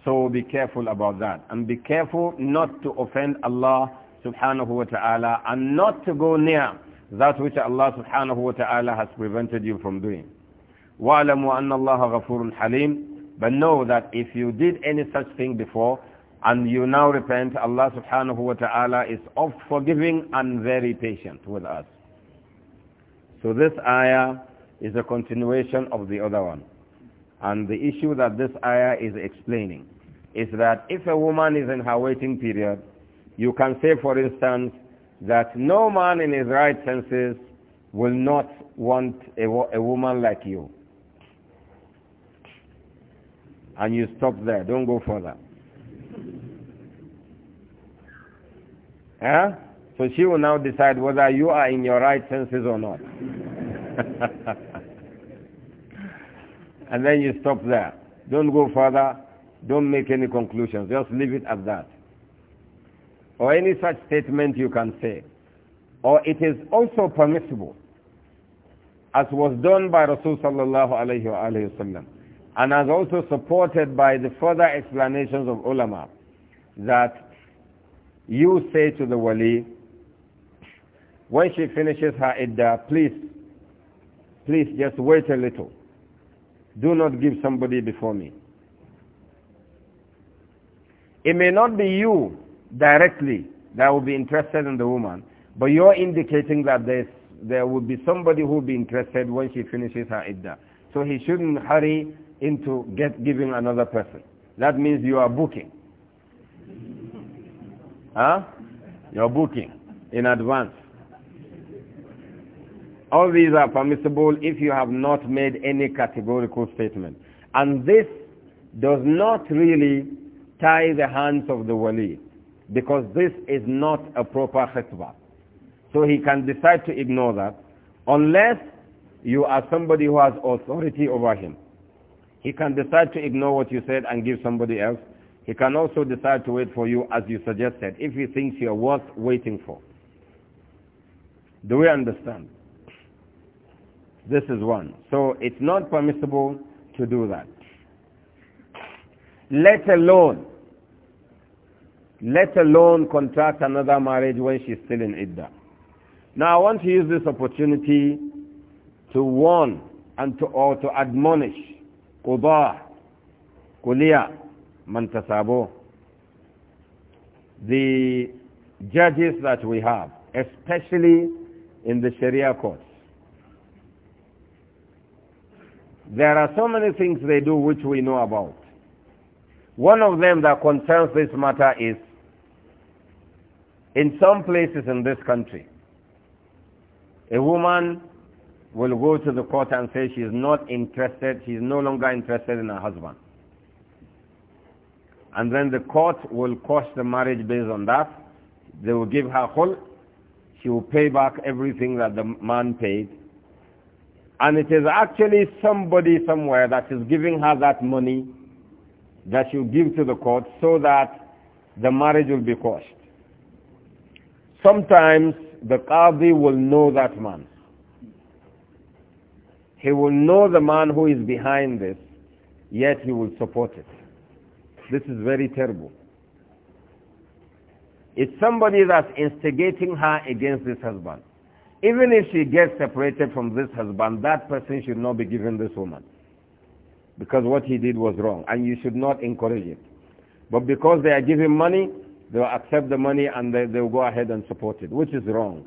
so be careful about that. And be careful not to offend Allah subhanahu wa ta'ala and not to go near that which Allah subhanahu wa ta'ala has prevented you from doing. وَعْلَمُوا أَنَّ اللَّهَ غَفُورٌ حَلِيمٌ But know that if you did any such thing before, and you now repent, Allah subhanahu wa ta'ala is oft forgiving and very patient with us. So this ayah is a continuation of the other one. And the issue that this ayah is explaining is that if a woman is in her waiting period, you can say, for instance, that no man in his right senses will not want a, a woman like you. And you stop there. Don't go further. eh? So she will now decide whether you are in your right senses or not. (laughs) and then you stop there. Don't go further. Don't make any conclusions. Just leave it at that or any such statement you can say. Or it is also permissible, as was done by Rasulullah sallallahu alayhi wa and as also supported by the further explanations of ulama, that you say to the wali, when she finishes her iddah, please, please just wait a little. Do not give somebody before me. It may not be you directly that will be interested in the woman, but you're indicating that there's, there will be somebody who will be interested when she finishes her iddah. So he shouldn't hurry into get, giving another person. That means you are booking. (laughs) Huh? You're booking in advance. All these are permissible if you have not made any categorical statement. And this does not really tie the hands of the wali because this is not a proper khutbah. So he can decide to ignore that unless you are somebody who has authority over him. He can decide to ignore what you said and give somebody else. He can also decide to wait for you as you suggested if he thinks you are worth waiting for. Do we understand? This is one. So it's not permissible to do that. Let alone let alone contract another marriage when she's still in idda. Now I want to use this opportunity to warn and to, or to admonish Qudah, Kuliya, Mantasabo, the judges that we have, especially in the Sharia courts. There are so many things they do which we know about. One of them that concerns this matter is in some places in this country, a woman will go to the court and say she is not interested, she is no longer interested in her husband. And then the court will cost the marriage based on that. They will give her khul. She will pay back everything that the man paid. And it is actually somebody somewhere that is giving her that money that you give to the court so that the marriage will be quashed. Sometimes the qadi will know that man. He will know the man who is behind this, yet he will support it. This is very terrible. It's somebody that's instigating her against this husband. Even if she gets separated from this husband, that person should not be given this woman. Because what he did was wrong, and you should not encourage it. But because they are giving money, they will accept the money and they, they will go ahead and support it, which is wrong.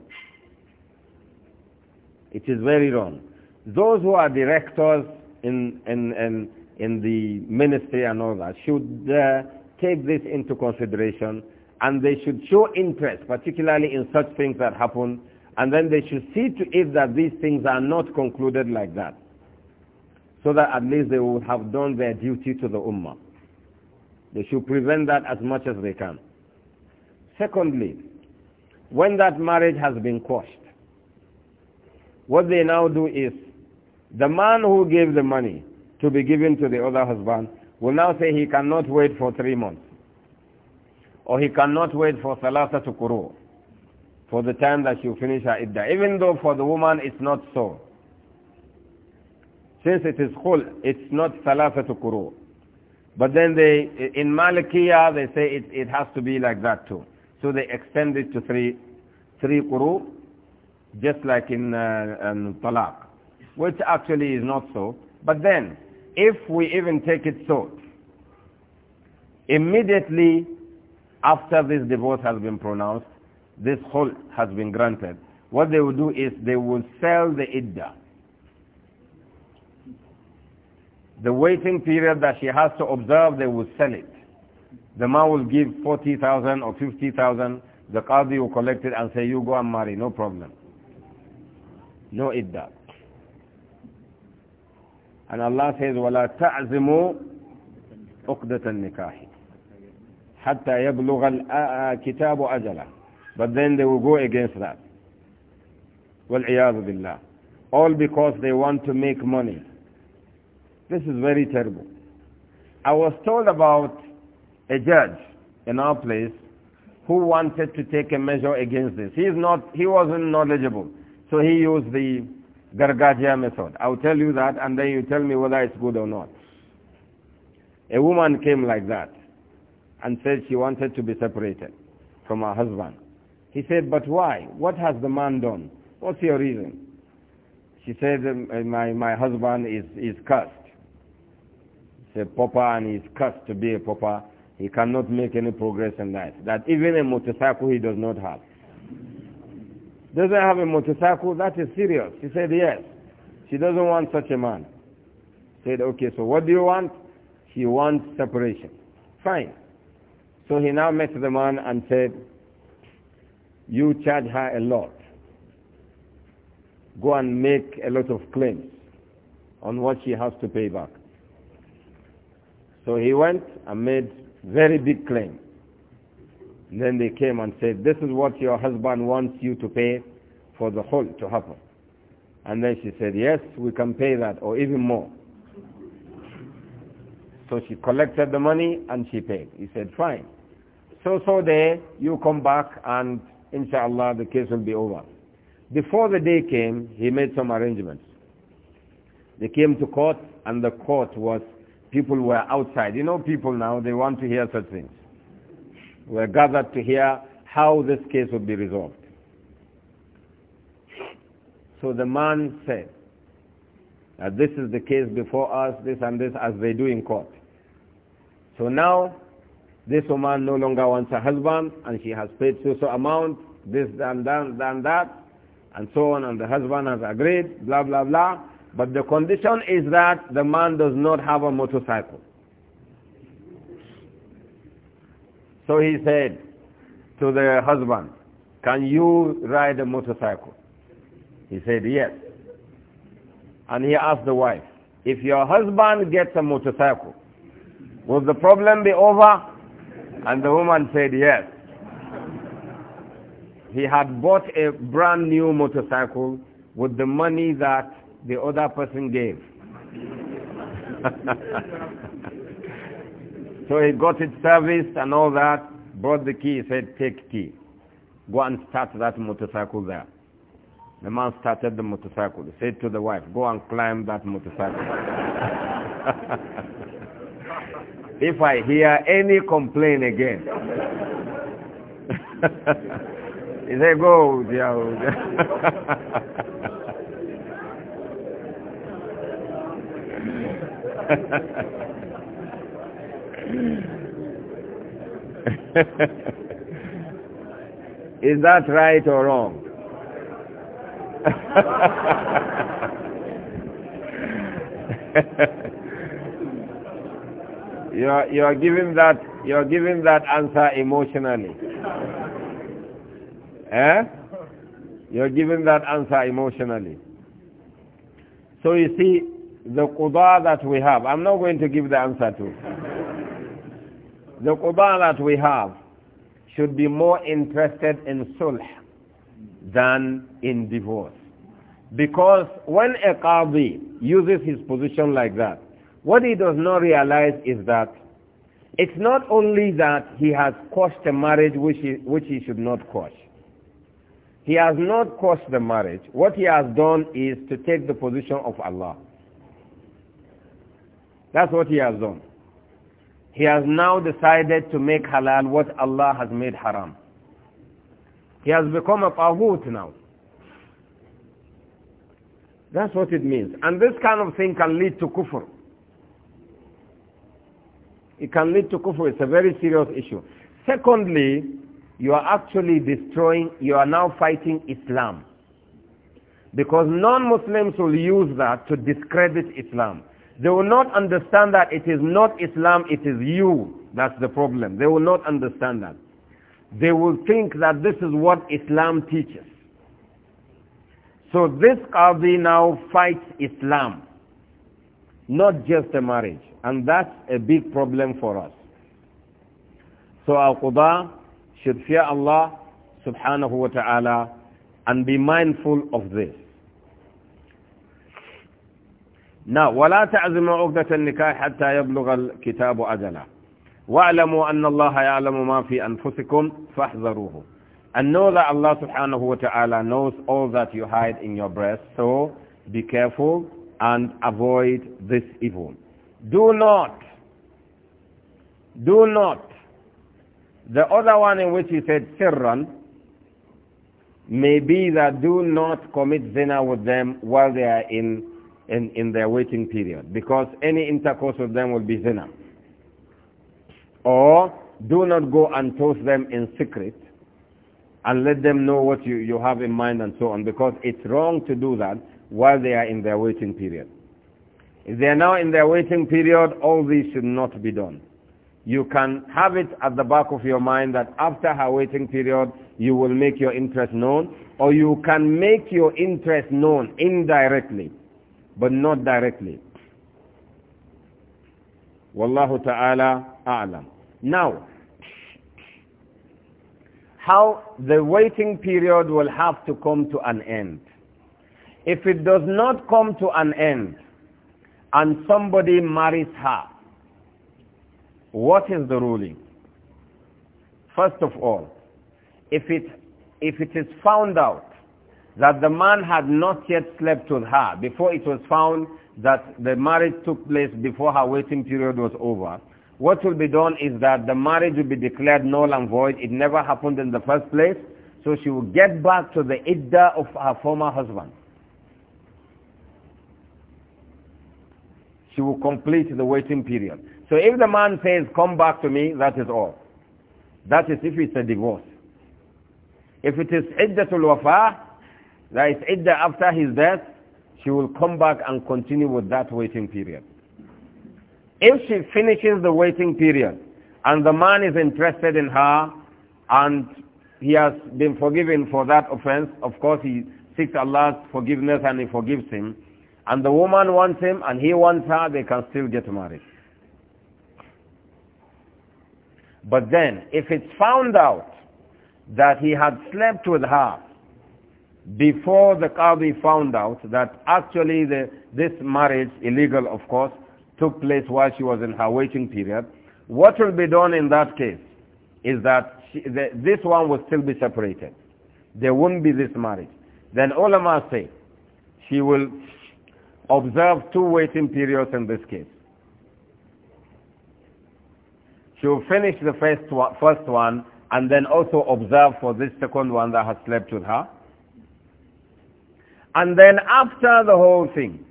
It is very wrong. Those who are directors in, in, in, in the ministry and all that should uh, take this into consideration and they should show interest, particularly in such things that happen, and then they should see to it that these things are not concluded like that, so that at least they will have done their duty to the Ummah. They should prevent that as much as they can. Secondly, when that marriage has been quashed, what they now do is the man who gave the money to be given to the other husband will now say he cannot wait for three months or he cannot wait for Salasa to Kuru for the time that she finish her Idda. Even though for the woman it's not so. Since it is Khul, it's not Salasa to Kuru. But then they, in Malikiya, they say it, it has to be like that too. So they extend it to three, three quru, just like in, uh, in talaq, which actually is not so. But then, if we even take it so, immediately after this divorce has been pronounced, this whole has been granted, what they will do is they will sell the iddah. The waiting period that she has to observe, they will sell it. The man will give 40,000 or 50,000. The qadi will collect it and say, you go and marry, no problem. No idda. And Allah says, وَلَا تَعْزِمُوا عُقْدَةَ النِّكَاحِ حَتَّى يَبْلُغَ الْكِتَابُ أَجَلًا But then they will go against that. وَالْعِيَاذُ بِاللَّهِ All because they want to make money. This is very terrible. I was told about a judge in our place who wanted to take a measure against this. He, is not, he wasn't knowledgeable, so he used the Gargaja method. I'll tell you that and then you tell me whether it's good or not. A woman came like that and said she wanted to be separated from her husband. He said, but why? What has the man done? What's your reason? She said, um, uh, my, my husband is, is cursed. He's a pauper and he's cursed to be a Papa. He cannot make any progress in life. That even a motorcycle he does not have. Doesn't have a motorcycle? That is serious. She said yes. She doesn't want such a man. Said, okay, so what do you want? She wants separation. Fine. So he now met the man and said, you charge her a lot. Go and make a lot of claims on what she has to pay back. So he went and made very big claim. then they came and said, this is what your husband wants you to pay for the whole to happen. And then she said, yes, we can pay that or even more. So she collected the money and she paid. He said, fine. So, so there, you come back and inshallah the case will be over. Before the day came, he made some arrangements. They came to court and the court was people were outside. You know people now, they want to hear such things. Were gathered to hear how this case would be resolved. So the man said, this is the case before us, this and this, as they do in court. So now, this woman no longer wants a husband, and she has paid so so amount, this, and that, and that, and so on, and the husband has agreed, blah, blah, blah. But the condition is that the man does not have a motorcycle. So he said to the husband, can you ride a motorcycle? He said, yes. And he asked the wife, if your husband gets a motorcycle, will the problem be over? And the woman said, yes. He had bought a brand new motorcycle with the money that the other person gave. (laughs) so he got it serviced and all that, brought the key, said, take key. Go and start that motorcycle there. The man started the motorcycle. He said to the wife, go and climb that motorcycle. (laughs) if I hear any complaint again, (laughs) he said, go, dear. (laughs) Is that right or wrong? (laughs) you are you are giving that you are giving that answer emotionally. eh? You are giving that answer emotionally. So you see the qada that we have. I'm not going to give the answer to. The qada that we have should be more interested in sulh than in divorce. Because when a qadi uses his position like that, what he does not realize is that it's not only that he has quashed a marriage which he, which he should not quash. He has not quashed the marriage. What he has done is to take the position of Allah. That's what he has done. He has now decided to make halal what Allah has made haram. He has become a taghut now. That's what it means. And this kind of thing can lead to kufr. It can lead to kufr. It's a very serious issue. Secondly, you are actually destroying, you are now fighting Islam. Because non-Muslims will use that to discredit Islam. They will not understand that it is not Islam, it is you. That's the problem. They will not understand that. They will think that this is what Islam teaches. So this Qadi now fights Islam, not just the marriage. And that's a big problem for us. So our Quba should fear Allah subhanahu wa ta'ala and be mindful of this. Now, وَلَا تَعْزِمَ عُقْدَةَ النِّكَاحِ حَتَّى يَبْلُغَ الْكِتَابُ أَجَلَهُ وَاعْلَمُوا أَنَّ اللَّهَ يَعْلَمُ مَا فِي أَنفُسِكُمْ فَاحْذَرُوهُ And know that Allah subhanahu wa ta'ala knows all that you hide in your breast, so be careful and avoid this evil. Do not, do not. The other one in which he said sirran may be that do not commit zina with them while they are in in, in their waiting period because any intercourse with them will be zina. Or do not go and toast them in secret and let them know what you, you have in mind and so on because it's wrong to do that while they are in their waiting period. If they are now in their waiting period, all these should not be done. You can have it at the back of your mind that after her waiting period, you will make your interest known, or you can make your interest known indirectly but not directly. Wallahu ta'ala a'lam. Now, how the waiting period will have to come to an end. If it does not come to an end and somebody marries her, what is the ruling? First of all, if it, if it is found out that the man had not yet slept with her before it was found that the marriage took place before her waiting period was over, what will be done is that the marriage will be declared null and void. It never happened in the first place. So she will get back to the idda of her former husband. She will complete the waiting period. So if the man says, come back to me, that is all. That is if it's a divorce. If it is iddatul wafa, there is idda after his death, she will come back and continue with that waiting period. If she finishes the waiting period and the man is interested in her and he has been forgiven for that offense, of course he seeks Allah's forgiveness and he forgives him, and the woman wants him and he wants her, they can still get married. But then, if it's found out that he had slept with her before the Qadi found out that actually the, this marriage, illegal of course, took place while she was in her waiting period, what will be done in that case is that she, the, this one will still be separated. There won't be this marriage. Then ulama say she will observe two waiting periods in this case. She will finish the first one, first one and then also observe for this second one that has slept with her and then after the whole thing,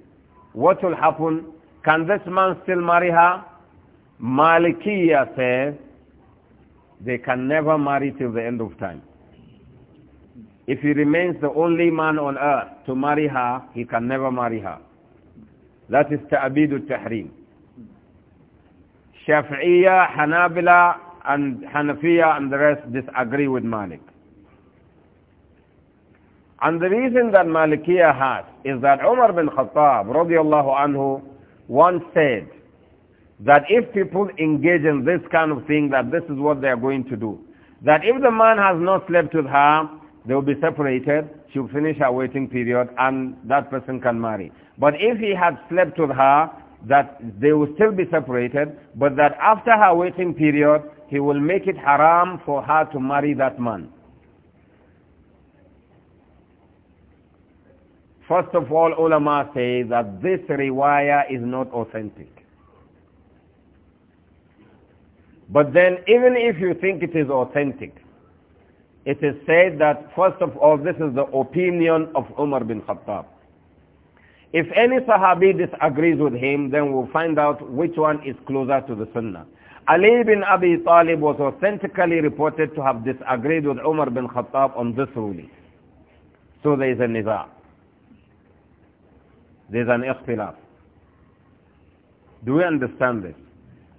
what will happen? Can this man still marry her? Malikiya says they can never marry till the end of time. If he remains the only man on earth to marry her, he can never marry her. That is ta'abidu tahrim. Shafi'iyya, Hanabila, and Hanafiya and the rest disagree with Malik. And the reason that Malikiya has is that Umar bin Khattab radiallahu anhu once said that if people engage in this kind of thing, that this is what they are going to do. That if the man has not slept with her, they will be separated, she will finish her waiting period, and that person can marry. But if he had slept with her, that they will still be separated, but that after her waiting period, he will make it haram for her to marry that man. First of all, ulama say that this riwayah is not authentic. But then even if you think it is authentic, it is said that first of all this is the opinion of Umar bin Khattab. If any Sahabi disagrees with him, then we'll find out which one is closer to the Sunnah. Ali bin Abi Talib was authentically reported to have disagreed with Umar bin Khattab on this ruling. So there is a nizar. There's an ikhtilaf. Do we understand this?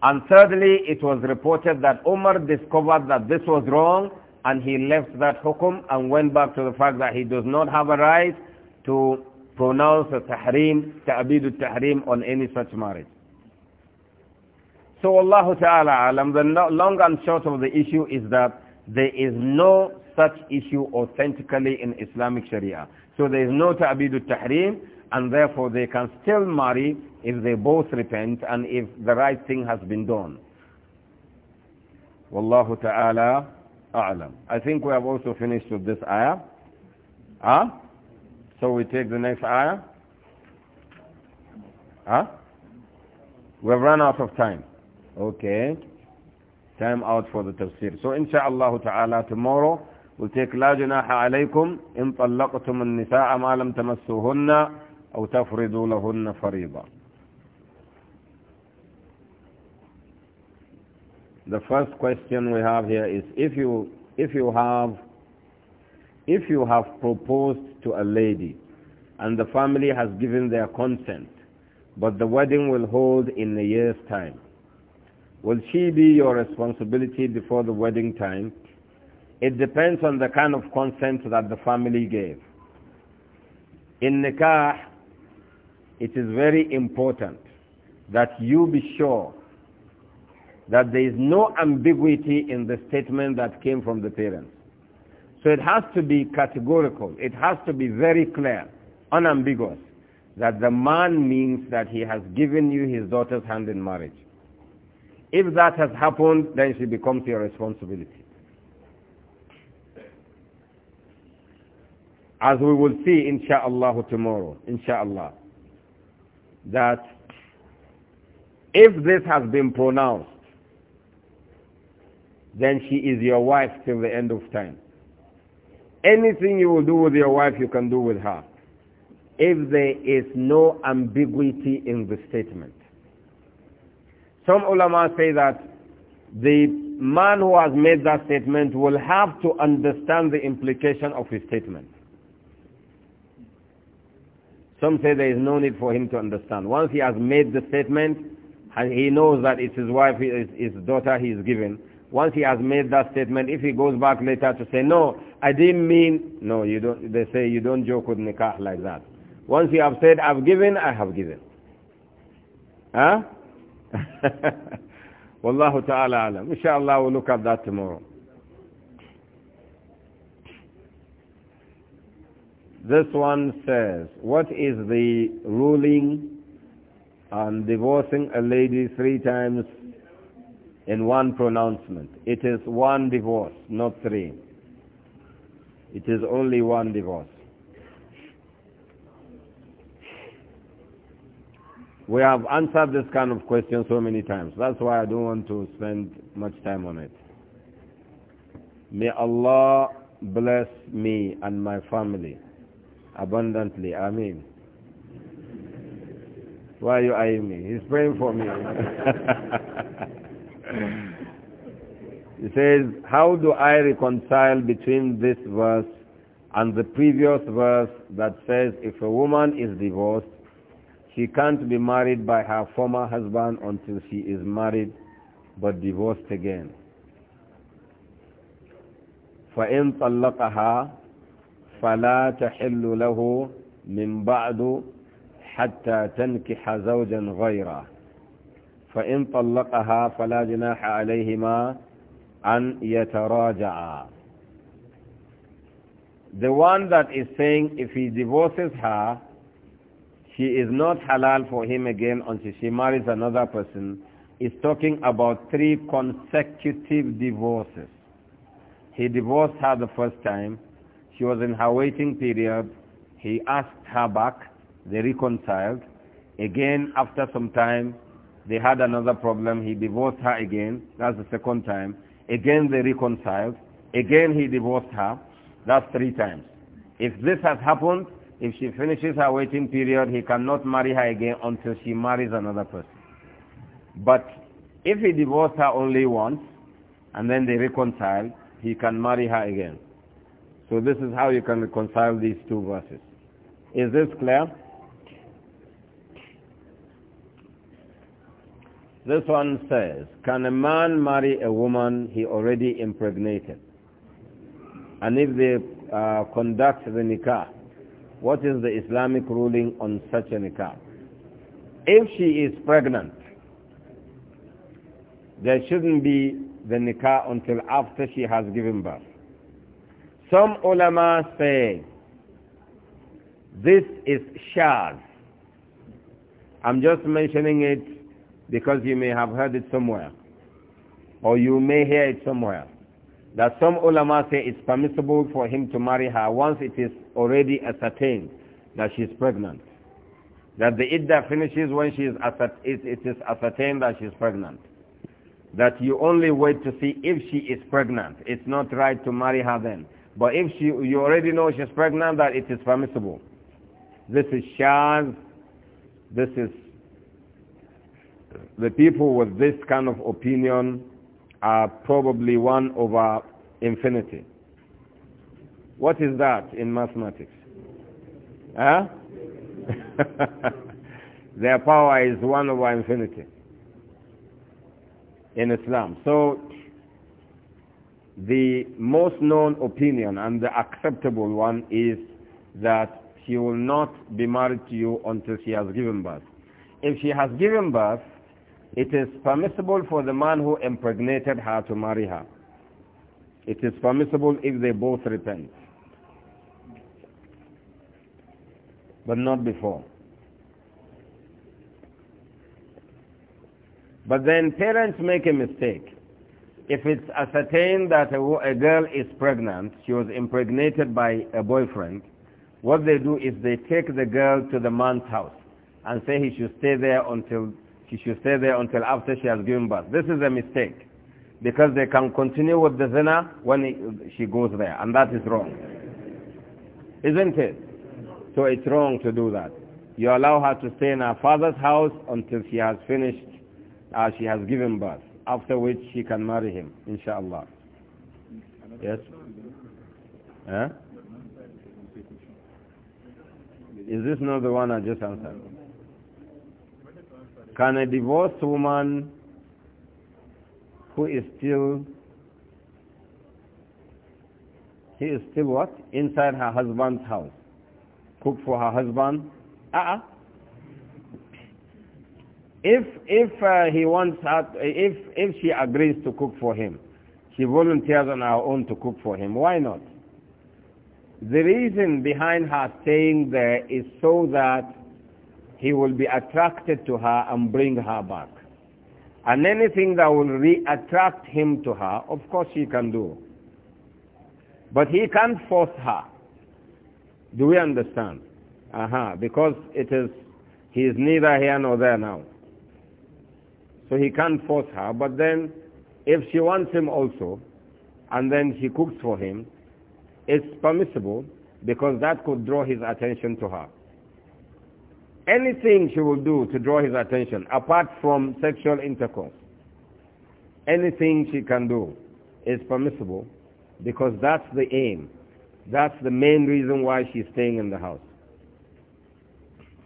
And thirdly, it was reported that Umar discovered that this was wrong and he left that hukum and went back to the fact that he does not have a right to pronounce a tahrim, ta'abidu tahrim on any such marriage. So Allah Ta'ala alam, the long and short of the issue is that there is no such issue authentically in Islamic Sharia. So there is no ta'bid tahrim and therefore they can still marry if they both repent and if the right thing has been done. Wallahu ta'ala a'lam. I think we have also finished with this ayah. Huh? So we take the next ayah. Huh? We've run out of time. Okay. Time out for the tafsir. So inshallah ta'ala tomorrow لا جناح عليكم إن طلقتم النساء ما لم تمسوهن أو لهن The first question we have here is if you if you have if you have proposed to a lady and the family has given their consent but the wedding will hold in a year's time will she be your responsibility before the wedding time it depends on the kind of consent that the family gave. In nikah, it is very important that you be sure that there is no ambiguity in the statement that came from the parents. So it has to be categorical. It has to be very clear, unambiguous, that the man means that he has given you his daughter's hand in marriage. If that has happened, then she becomes your responsibility. As we will see inshallah tomorrow, inshallah that if this has been pronounced, then she is your wife till the end of time. Anything you will do with your wife, you can do with her. If there is no ambiguity in the statement. Some ulama say that the man who has made that statement will have to understand the implication of his statement. Some say there is no need for him to understand. Once he has made the statement, and he knows that it's his wife, it's his daughter he is given, once he has made that statement, if he goes back later to say, no, I didn't mean, no, you don't, they say you don't joke with nikah like that. Once you have said, I've given, I have given. Huh? (laughs) Wallahu ta'ala alam. Inshallah, we'll look at that tomorrow. This one says, what is the ruling on divorcing a lady three times in one pronouncement? It is one divorce, not three. It is only one divorce. We have answered this kind of question so many times. That's why I don't want to spend much time on it. May Allah bless me and my family abundantly. I mean, why are you eyeing me? He's praying for me. (laughs) he says, how do I reconcile between this verse and the previous verse that says if a woman is divorced, she can't be married by her former husband until she is married but divorced again. فَإِن طَلَّقَهَا فلا تحل له من بعد حتى تنكح زوجا غيره فإن طلقها فلا جناح عليهما أن يتراجعا The one that is saying if he divorces her, she is not halal for him again until she marries another person, is talking about three consecutive divorces. He divorced her the first time, She was in her waiting period. He asked her back. They reconciled. Again, after some time, they had another problem. He divorced her again. That's the second time. Again, they reconciled. Again, he divorced her. That's three times. If this has happened, if she finishes her waiting period, he cannot marry her again until she marries another person. But if he divorced her only once, and then they reconciled, he can marry her again. So this is how you can reconcile these two verses. Is this clear? This one says, can a man marry a woman he already impregnated? And if they uh, conduct the nikah, what is the Islamic ruling on such a nikah? If she is pregnant, there shouldn't be the nikah until after she has given birth. Some ulama say this is shaz. I'm just mentioning it because you may have heard it somewhere. Or you may hear it somewhere. That some ulama say it's permissible for him to marry her once it is already ascertained that she is pregnant. That the idda finishes when she is it is ascertained that she is pregnant. That you only wait to see if she is pregnant. It's not right to marry her then. But if she, you already know she's pregnant, that it is permissible. This is Shaz. This is the people with this kind of opinion are probably one over infinity. What is that in mathematics? Huh? (laughs) Their power is one over infinity in Islam. So the most known opinion and the acceptable one is that she will not be married to you until she has given birth. If she has given birth, it is permissible for the man who impregnated her to marry her. It is permissible if they both repent. But not before. But then parents make a mistake if it's ascertained that a, a girl is pregnant, she was impregnated by a boyfriend, what they do is they take the girl to the man's house and say he should stay there until she should stay there until after she has given birth. This is a mistake because they can continue with the zina when she goes there, and that is wrong. Isn't it? So it's wrong to do that. You allow her to stay in her father's house until she has finished, uh, she has given birth after which she can marry him, inshallah. Yes? Huh? Is this not the one I just answered? Can a divorced woman who is still he is still what? Inside her husband's house. Cook for her husband? uh -uh. If if uh, he wants her, if if she agrees to cook for him, she volunteers on her own to cook for him. Why not? The reason behind her staying there is so that he will be attracted to her and bring her back. And anything that will re-attract him to her, of course she can do. But he can't force her. Do we understand? Aha, uh -huh. because it is, he is neither here nor there now. So he can't force her. But then, if she wants him also, and then she cooks for him, it's permissible because that could draw his attention to her. Anything she will do to draw his attention, apart from sexual intercourse, anything she can do is permissible because that's the aim. That's the main reason why she's staying in the house.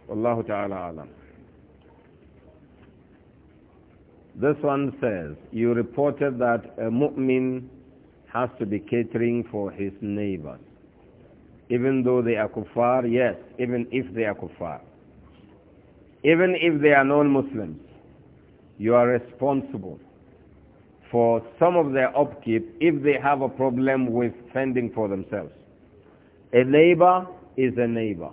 Allahu ta'ala alam. This one says, you reported that a mu'min has to be catering for his neighbors. Even though they are kuffar, yes, even if they are kuffar. Even if they are non-Muslims, you are responsible for some of their upkeep if they have a problem with fending for themselves. A neighbor is a neighbor.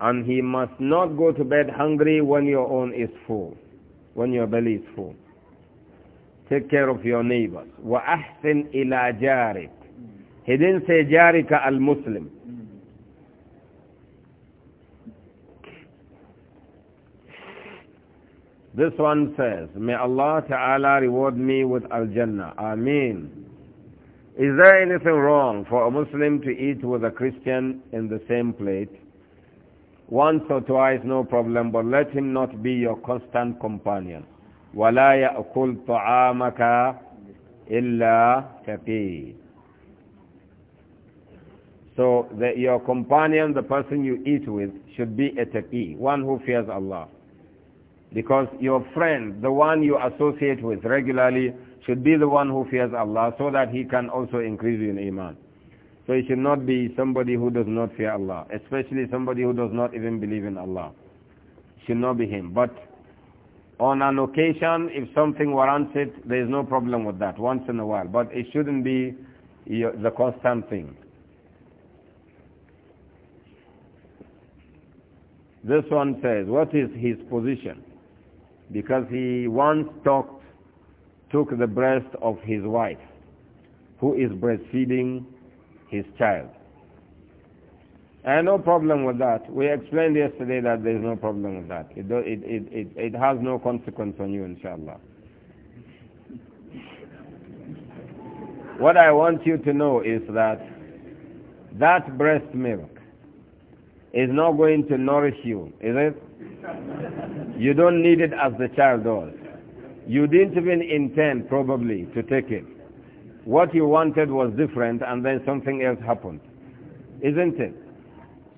And he must not go to bed hungry when your own is full when your belly is full. Take care of your neighbors. وَأَحْسِنْ إِلَى جَارِكَ He didn't say جَارِكَ al-Muslim. This one says, May Allah Ta'ala reward me with Al-Jannah. Ameen. Is there anything wrong for a Muslim to eat with a Christian in the same plate? Once or twice, no problem, but let him not be your constant companion. وَلَا يَأْكُلْ طَعَامَكَ إِلَّا شَقِيٌّ So the, your companion, the person you eat with, should be a taqi, one who fears Allah. Because your friend, the one you associate with regularly, should be the one who fears Allah so that he can also increase in iman. So it should not be somebody who does not fear Allah, especially somebody who does not even believe in Allah. It should not be him. But on an occasion, if something warrants it, there is no problem with that, once in a while. But it shouldn't be the constant thing. This one says, what is his position? Because he once talked, took the breast of his wife, who is breastfeeding his child. I no problem with that. We explained yesterday that there is no problem with that. It, do, it, it, it, it has no consequence on you, inshallah. What I want you to know is that that breast milk is not going to nourish you, is it? You don't need it as the child does. You didn't even intend, probably, to take it. What you wanted was different and then something else happened. Isn't it?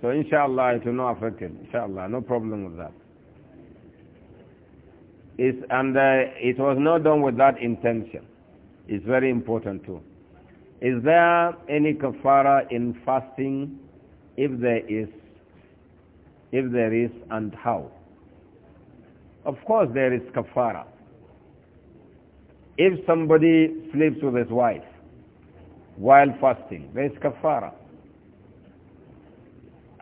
So inshallah it will not affect it. Inshallah, no problem with that. It's, and uh, it was not done with that intention. It's very important too. Is there any kafara in fasting if there is, if there is and how? Of course there is kafara. If somebody sleeps with his wife while fasting, there is kafara.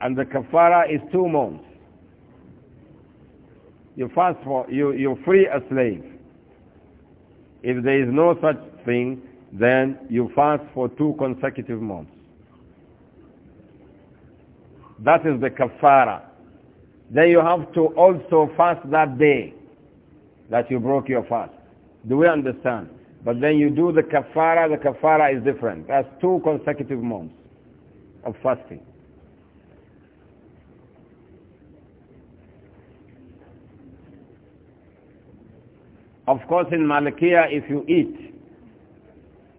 And the kafara is two months. You fast for, you, you free a slave. If there is no such thing, then you fast for two consecutive months. That is the kafara. Then you have to also fast that day that you broke your fast. Do we understand? But then you do the kafara, the kafara is different. That's two consecutive months of fasting. Of course, in Malakia, if you eat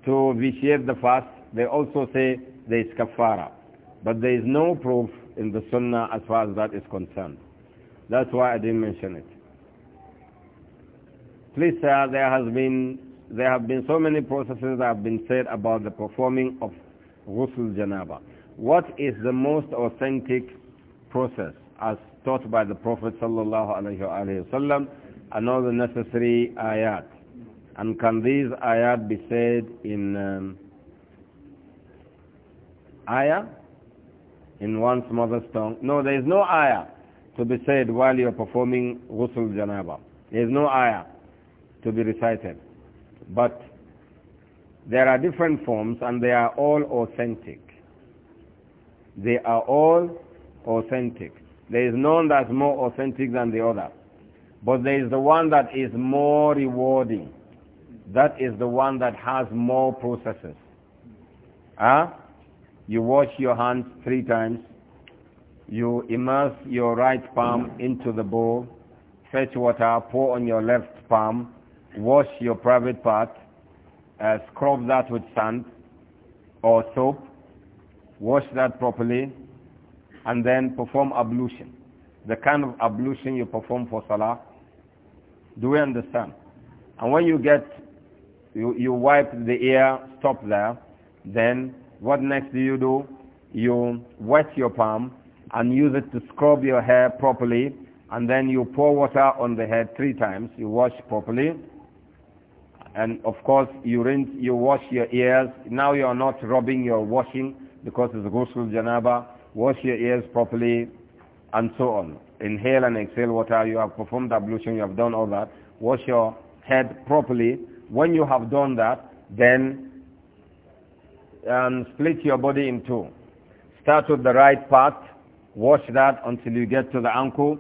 to vitiate the fast, they also say there is kafara. But there is no proof in the Sunnah as far as that is concerned. That's why I didn't mention it. Please, sir, there has been there have been so many processes that have been said about the performing of ghusl janaba. What is the most authentic process as taught by the Prophet sallallahu alaihi wasallam and all the necessary ayat? And can these ayat be said in um, ayah? In one's mother's tongue? No, there is no ayah to be said while you are performing ghusl janaba. There is no ayah to be recited. But there are different forms and they are all authentic. They are all authentic. There is none that's more authentic than the other. But there is the one that is more rewarding. That is the one that has more processes. Huh? You wash your hands three times. You immerse your right palm into the bowl. Fetch water, pour on your left palm wash your private part, uh, scrub that with sand or soap, wash that properly, and then perform ablution. The kind of ablution you perform for salah. Do we understand? And when you get, you, you wipe the ear, stop there, then what next do you do? You wet your palm and use it to scrub your hair properly, and then you pour water on the head three times, you wash properly, and of course, you rinse, you wash your ears. Now you are not rubbing, you are washing because it's ghusl janaba. Wash your ears properly and so on. Inhale and exhale water. You have performed ablution, you have done all that. Wash your head properly. When you have done that, then um, split your body in two. Start with the right part. Wash that until you get to the ankle.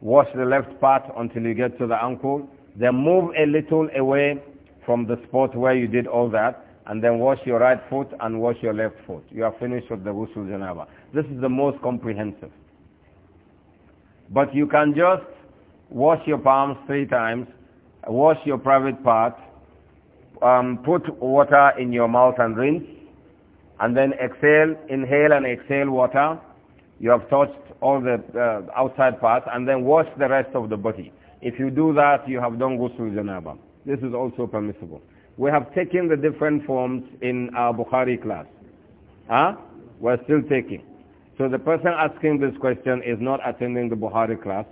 Wash the left part until you get to the ankle. Then move a little away from the spot where you did all that and then wash your right foot and wash your left foot. You are finished with the ghusl janaba. This is the most comprehensive. But you can just wash your palms three times, wash your private part, um, put water in your mouth and rinse, and then exhale, inhale and exhale water. You have touched all the uh, outside parts, and then wash the rest of the body. If you do that, you have done ghusl janaba. This is also permissible. We have taken the different forms in our Bukhari class. Huh? We're still taking. So the person asking this question is not attending the Bukhari class.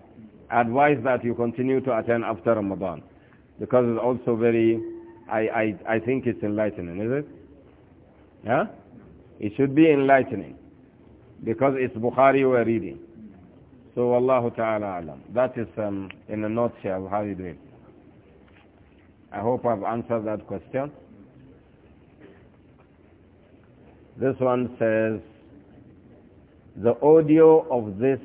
I advise that you continue to attend after Ramadan. Because it's also very, I, I, I think it's enlightening, is it? Yeah? It should be enlightening. Because it's Bukhari we're reading. So Allah Ta'ala Alam. That is um, in a nutshell how you do it. I hope I've answered that question. This one says, the audio of this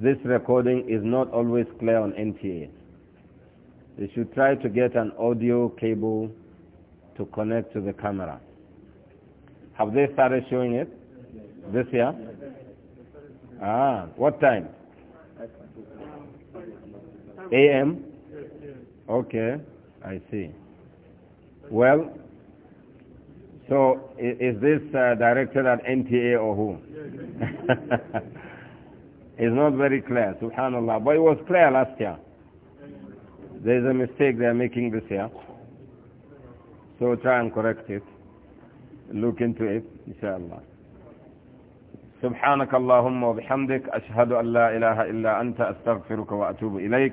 this recording is not always clear on NTA. They should try to get an audio cable to connect to the camera. Have they started showing it? This year? Ah, what time? AM? Okay, I see. Well, so is this uh, directed at NTA or who? (laughs) it's not very clear, subhanAllah. But it was clear last year. There is a mistake they are making this year. So try and correct it. Look into it, inshallah. سبحانك اللهم وبحمدك أشهد أن لا إله إلا أنت أستغفرك وأتوب إليك